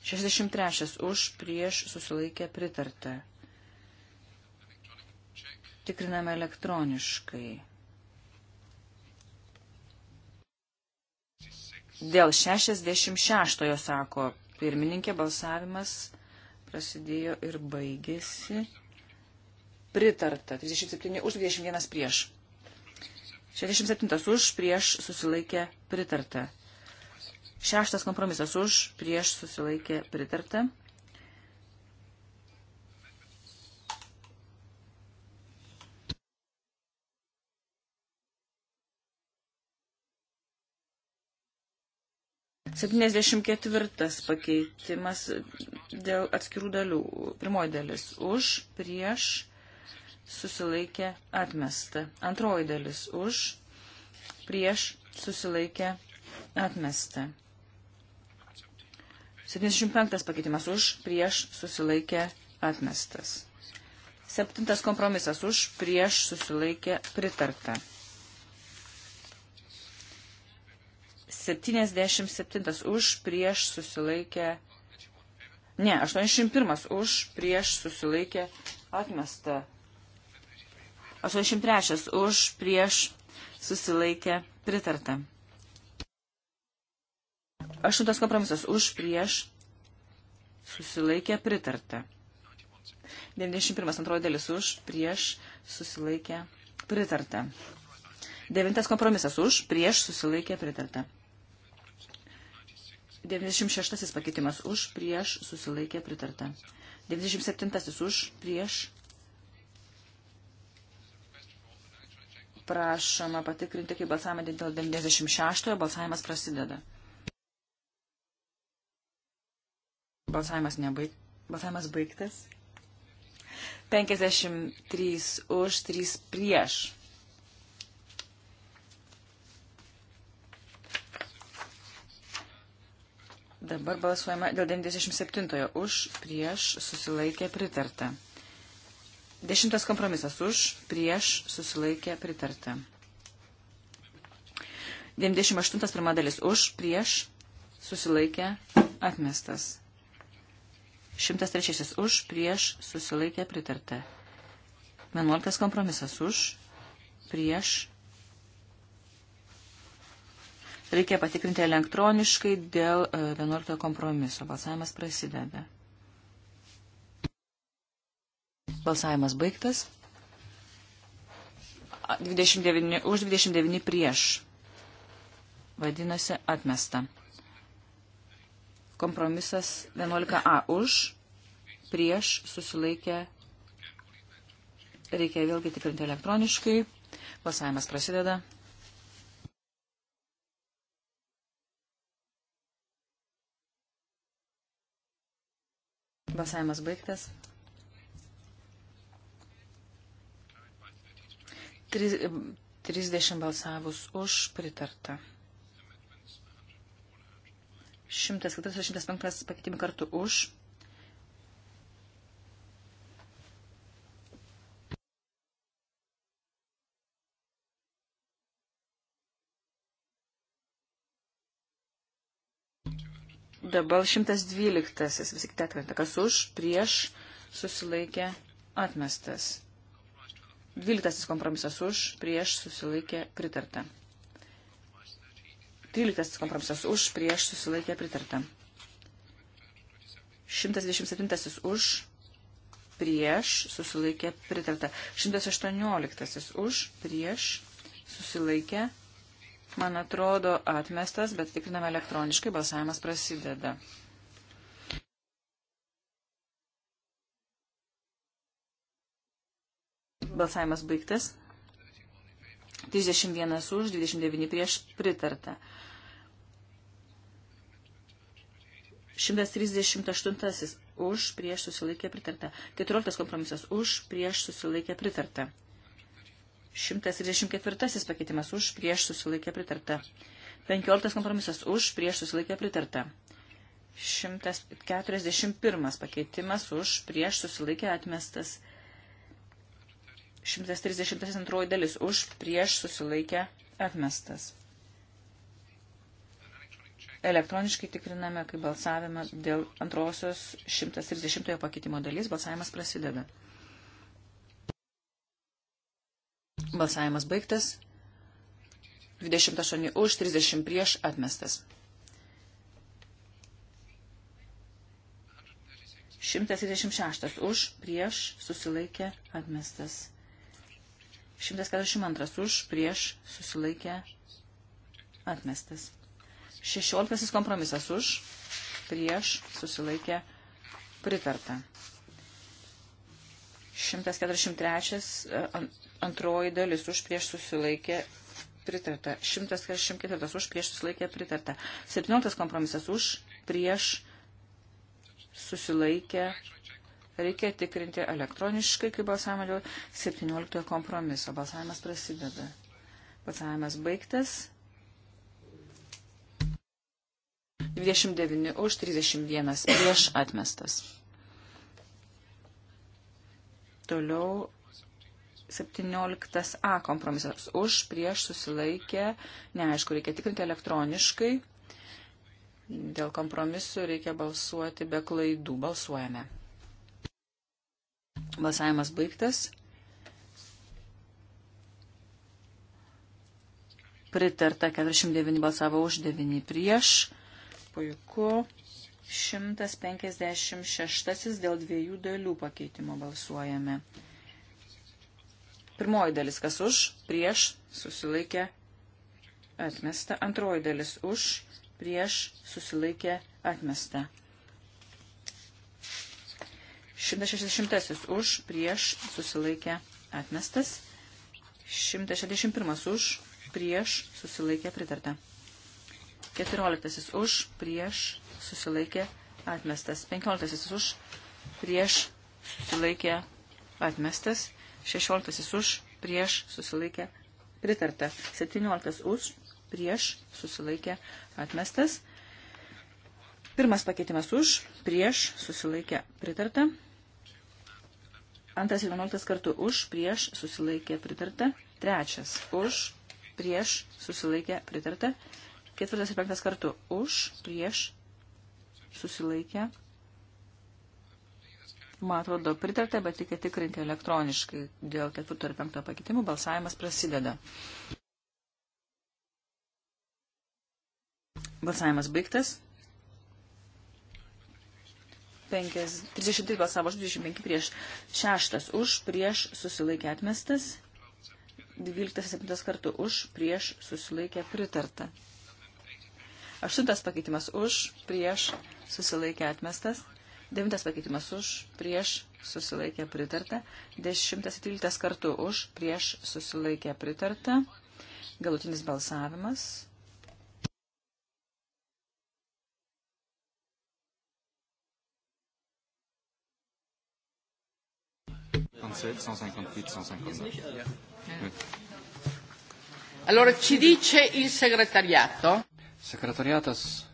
Speaker 3: 63 už prieš susilaikę pritarta. Tikriname elektroniškai. Dėl 66 sako pirmininkė balsavimas prasidėjo ir baigėsi. Pritarta. 37 už 21 prieš. 67 už prieš susilaikė pritarta. Šeštas kompromisas už, prieš susilaikė pritarta. Septyniasdešimt ketvirtas pakeitimas dėl atskirų dalių. Pirmoji dalis už, prieš susilaikė atmesta. Antroji dalis už, prieš susilaikė atmesta. 75 pakeitimas už, prieš susilaikė atmestas. 7 kompromisas už, prieš susilaikė pritarta. 77 už, prieš susilaikė. Ne, 81 už, prieš susilaikė atmesta. 83 už, prieš susilaikė pritarta. Aštuntas kompromisas už prieš susilaikė pritarta. 91 antroji dalis už prieš susilaikė pritarta. Devintas kompromisas už prieš susilaikė pritarta. 96 pakeitimas už prieš susilaikė pritarta. 97 už prieš prašoma patikrinti, kaip balsavimą dėl 96 balsavimas prasideda. Balsavimas, nebaig... Balsavimas baigtas. 53 už, 3 prieš. Dabar balsuojama dėl 97-ojo. Už, prieš, susilaikė, pritarta. Dešimtas kompromisas. Už, prieš, susilaikė, pritarta. 98-as pirma dalis. Už, prieš, susilaikė, atmestas. 103 už, prieš, susilaikė, pritarta. 11 kompromisas už, prieš. Reikia patikrinti elektroniškai dėl 11 e, kompromiso. Balsavimas prasideda. Balsavimas baigtas. 29, už 29 prieš. Vadinasi, atmesta. Kompromisas 11a už, prieš susilaikė. Reikia vėlgi tikrinti elektroniškai. Balsavimas prasideda. Balsavimas baigtas. 30 balsavus už pritarta. 104-105 pakeitimai kartu už. Dabar 112. Visi kiti atkrenta. Kas už, prieš, susilaikė, atmestas. 12. Kompromisas už, prieš, susilaikė, pritarta. 13 kompromisas už, prieš susilaikė pritarta. 127 už, prieš susilaikė pritarta. 118 už, prieš susilaikė, man atrodo, atmestas, bet tikriname elektroniškai, balsavimas prasideda. Balsavimas baigtas. 31 už, 29 prieš pritarta. 138 už, prieš susilaikė pritarta. 14 kompromisas už, prieš susilaikė pritarta. 134 pakeitimas už, prieš susilaikė pritarta. 15 kompromisas už, prieš susilaikė pritarta. 141 pakeitimas už, prieš susilaikė atmestas. 132 dalis už prieš susilaikę atmestas. Elektroniškai tikriname, kai balsavimą dėl antrosios 130 pakeitimo dalys balsavimas prasideda. Balsavimas baigtas. 28 už, 30 prieš atmestas. 136 už, prieš, susilaikė, atmestas. 142 už, prieš, susilaikė, atmestas. 16 kompromisas už, prieš, susilaikė, pritarta. 143 e, antroji dalis už, prieš, susilaikė, pritarta. 144 už, prieš, susilaikė, pritarta. 17 kompromisas už, prieš, susilaikė, pritarta Reikia tikrinti elektroniškai, kaip balsavimą dėl 17 kompromiso. Balsavimas prasideda. Balsavimas baigtas. 29 už 31 prieš atmestas. Toliau 17a kompromisas už, prieš susilaikė, neaišku, reikia tikrinti elektroniškai. Dėl kompromisų reikia balsuoti be klaidų. Balsuojame. Balsavimas baigtas. Pritarta 49 balsavo už 9 prieš. Puiku. 156 dėl dviejų dalių pakeitimo balsuojame. Pirmoji dalis kas už, prieš, susilaikė, atmesta. Antroji dalis už, prieš, susilaikė, atmesta. 160 už, prieš, susilaikė, atmestas. 161 už, prieš, susilaikė, pritarta. 14 už, prieš, susilaikė, atmestas. 15 už, prieš, susilaikė, atmestas. 16 už, prieš, susilaikė, pritarta. 17 už, prieš, susilaikė, atmestas. Pirmas pakeitimas už, prieš, susilaikė, pritarta. Antras ir vienuoliktas kartu už, prieš, susilaikė, pritarta. Trečias už, prieš, susilaikė, pritarta. Ketvirtas ir penktas kartu už, prieš, susilaikė. Man atrodo, pritarta, bet reikia tikrinti elektroniškai. Dėl ketvirto ir penkto pakeitimų balsavimas prasideda. Balsavimas baigtas. 32 balsavo už, 25 prieš, 6 už, prieš susilaikė atmestas, 12-7 kartų už, prieš susilaikė pritarta. 8 pakeitimas už, prieš susilaikė atmestas, 9 pakeitimas už, prieš susilaikė pritarta, 10-13 kartų už, prieš susilaikė pritarta, galutinis balsavimas.
Speaker 2: 157, 158, 159.
Speaker 1: Allora ci
Speaker 3: dice il segretariato.
Speaker 2: Sekretariatas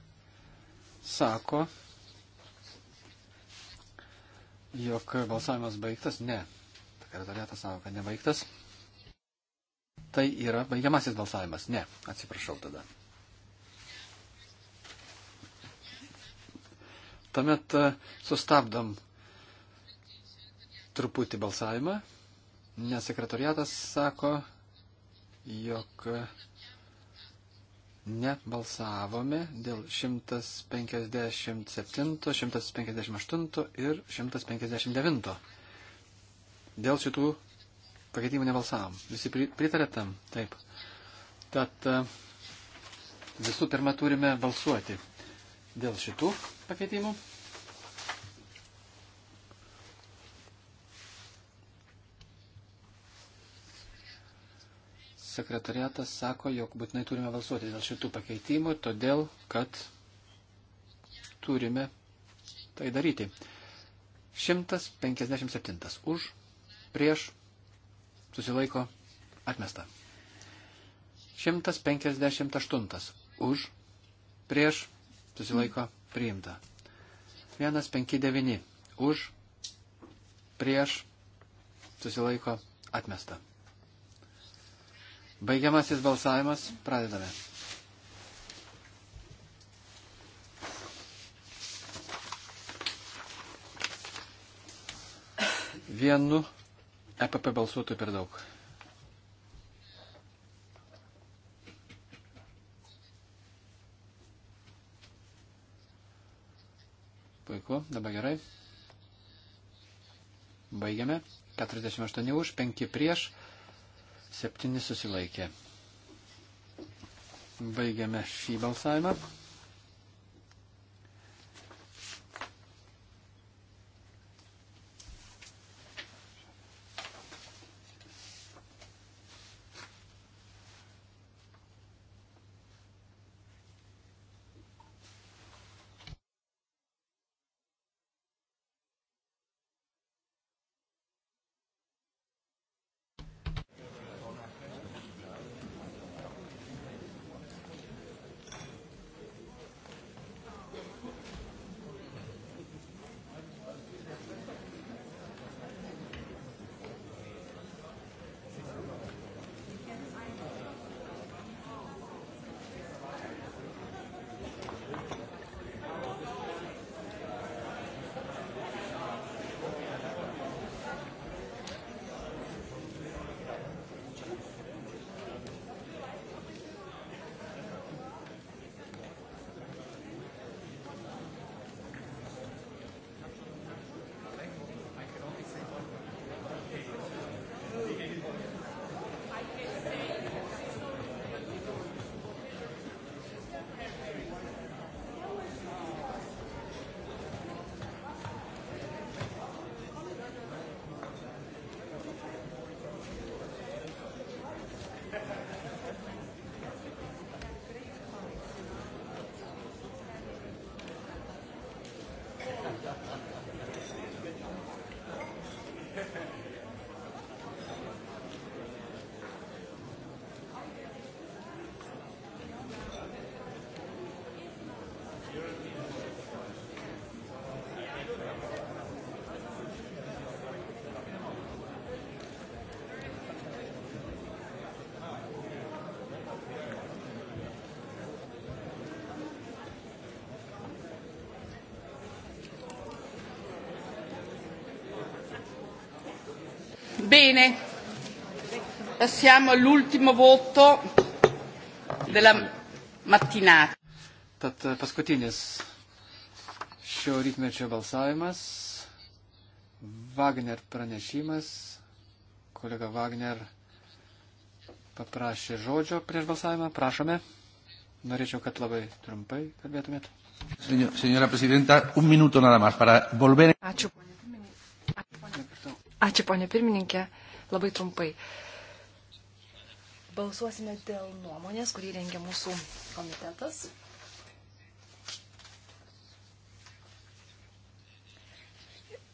Speaker 2: sako, jog balsavimas baigtas. Ne, sekretariatas sako, kad nebaigtas. Tai yra baigiamasis balsavimas. Ne, atsiprašau tada. Tuomet eh, sustabdom truputį balsavimą, nes sekretariatas sako, jog nebalsavome dėl 157, 158 ir 159. Dėl šitų pakeitimų nebalsavom. Visi pritarė tam? Taip. Tad e, visų pirma turime balsuoti dėl šitų pakeitimų. sekretariatas sako, jog būtinai turime balsuoti dėl šitų pakeitimų, todėl kad turime tai daryti. 157 už, prieš, susilaiko, atmesta. 158 už, prieš, susilaiko, priimta. 159 už, prieš, susilaiko, atmesta. Baigiamasis balsavimas. Pradedame. Vienu EPP balsuotų per daug. Puiku, dabar gerai. Baigiame. 48 už, 5 prieš. Septyni susilaikė. Baigiame šį balsavimą.
Speaker 3: Bene, passiamo all'ultimo voto
Speaker 2: della mattinata. Tad e, paskutinis šio rytmečio balsavimas, Wagner pranešimas, kolega Wagner paprašė žodžio prieš balsavimą, prašome. Norėčiau, kad labai trumpai kalbėtumėt. Senora prezidenta, un minuto nada más para volver. Ačiū,
Speaker 1: ponė pirmininkė, labai trumpai. Balsuosime dėl nuomonės, kurį rengia mūsų komitetas.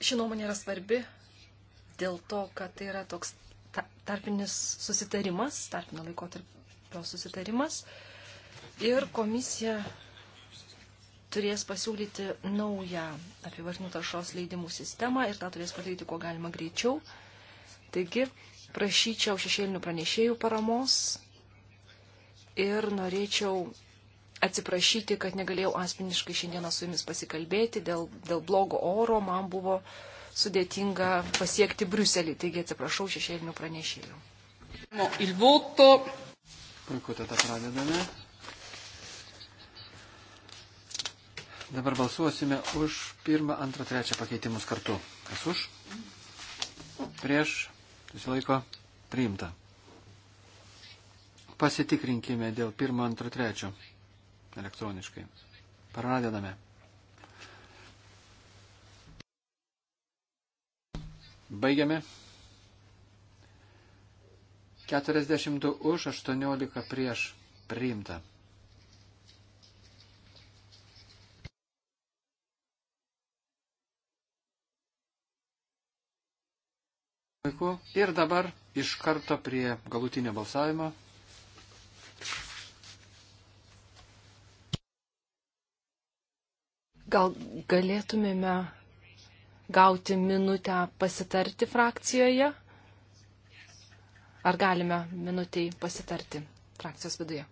Speaker 1: Ši nuomonė yra svarbi dėl to, kad tai yra toks tarpinis susitarimas, tarpinio laiko tarpio susitarimas. Ir komisija turės pasiūlyti naują apivartinių taršos leidimų sistemą ir tą turės padaryti kuo galima greičiau. Taigi, prašyčiau šešėlinių pranešėjų paramos ir norėčiau atsiprašyti, kad negalėjau asmeniškai šiandieną su jumis pasikalbėti dėl, dėl blogo oro, man buvo sudėtinga pasiekti Briuselį, taigi atsiprašau šešėlinių pranešėjų.
Speaker 2: Puiku, tada pradedame. Dabar balsuosime už pirmą, antrą, trečią pakeitimus kartu. Kas už? Prieš. Susilaiko. Priimta. Pasitikrinkime dėl pirmo, antro, trečio elektroniškai. Pradedame. Baigiame. 42 už, 18 prieš priimta. Laiku. Ir dabar iš karto prie galutinio balsavimo. Gal
Speaker 1: galėtumėme gauti minutę pasitarti frakcijoje? Ar galime minutiai pasitarti frakcijos viduje?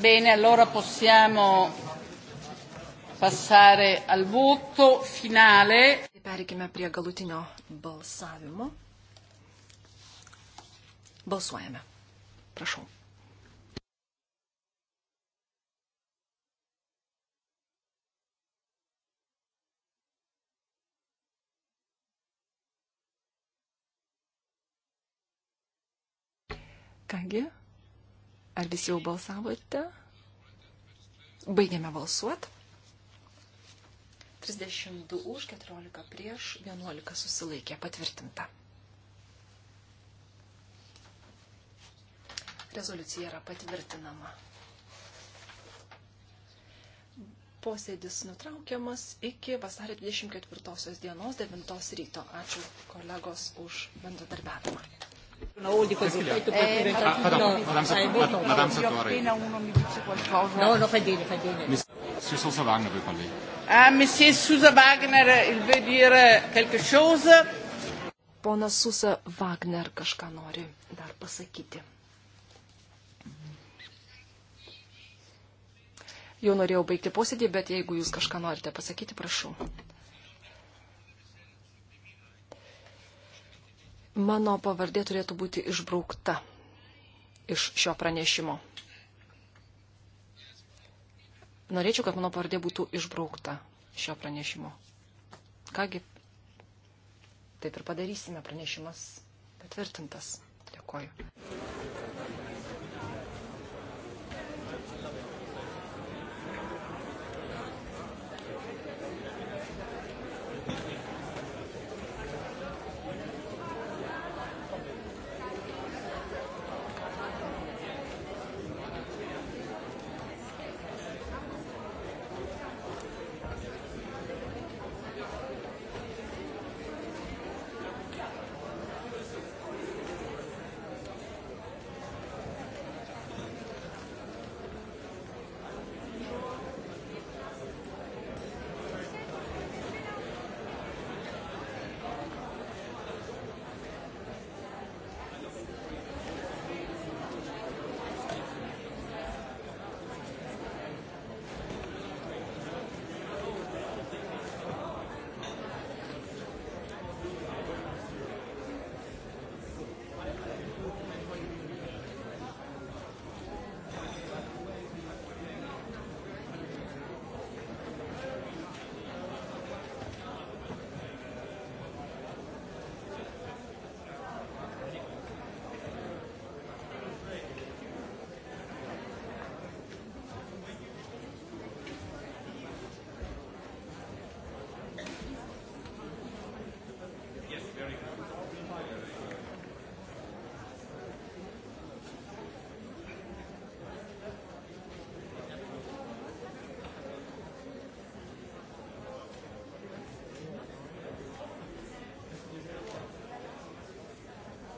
Speaker 3: Bene, allora possiamo
Speaker 1: passare al voto finale. Perikime prie galutinio balsavimo. Balsuojame. Prašau. Ar visi jau balsavote? Baigiame balsuoti. 32 už, 14 prieš, 11 susilaikė patvirtinta. Rezoliucija yra patvirtinama. Posėdis nutraukiamas iki vasario 24 dienos 9 ryto. Ačiū kolegos už bendradarbiavimą. No, dico aspetta, eh, ah, madame, madame, eh,
Speaker 2: madame, madame Sartori. Appena
Speaker 1: uno mi dice
Speaker 3: qualcosa. No, no, fa bene, fa
Speaker 1: bene.
Speaker 2: Monsieur Sosa Wagner veut parler.
Speaker 1: Ah, Monsieur Sosa Wagner, il veut dire quelque chose. Ponas Susa Wagner kažką nori dar pasakyti. Jau norėjau baigti posėdį, bet jeigu jūs kažką norite pasakyti, prašau. Mano pavardė turėtų būti išbraukta iš šio pranešimo. Norėčiau, kad mano pavardė būtų išbraukta šio pranešimo. Kągi, taip ir padarysime, pranešimas patvirtintas. Dėkuoju.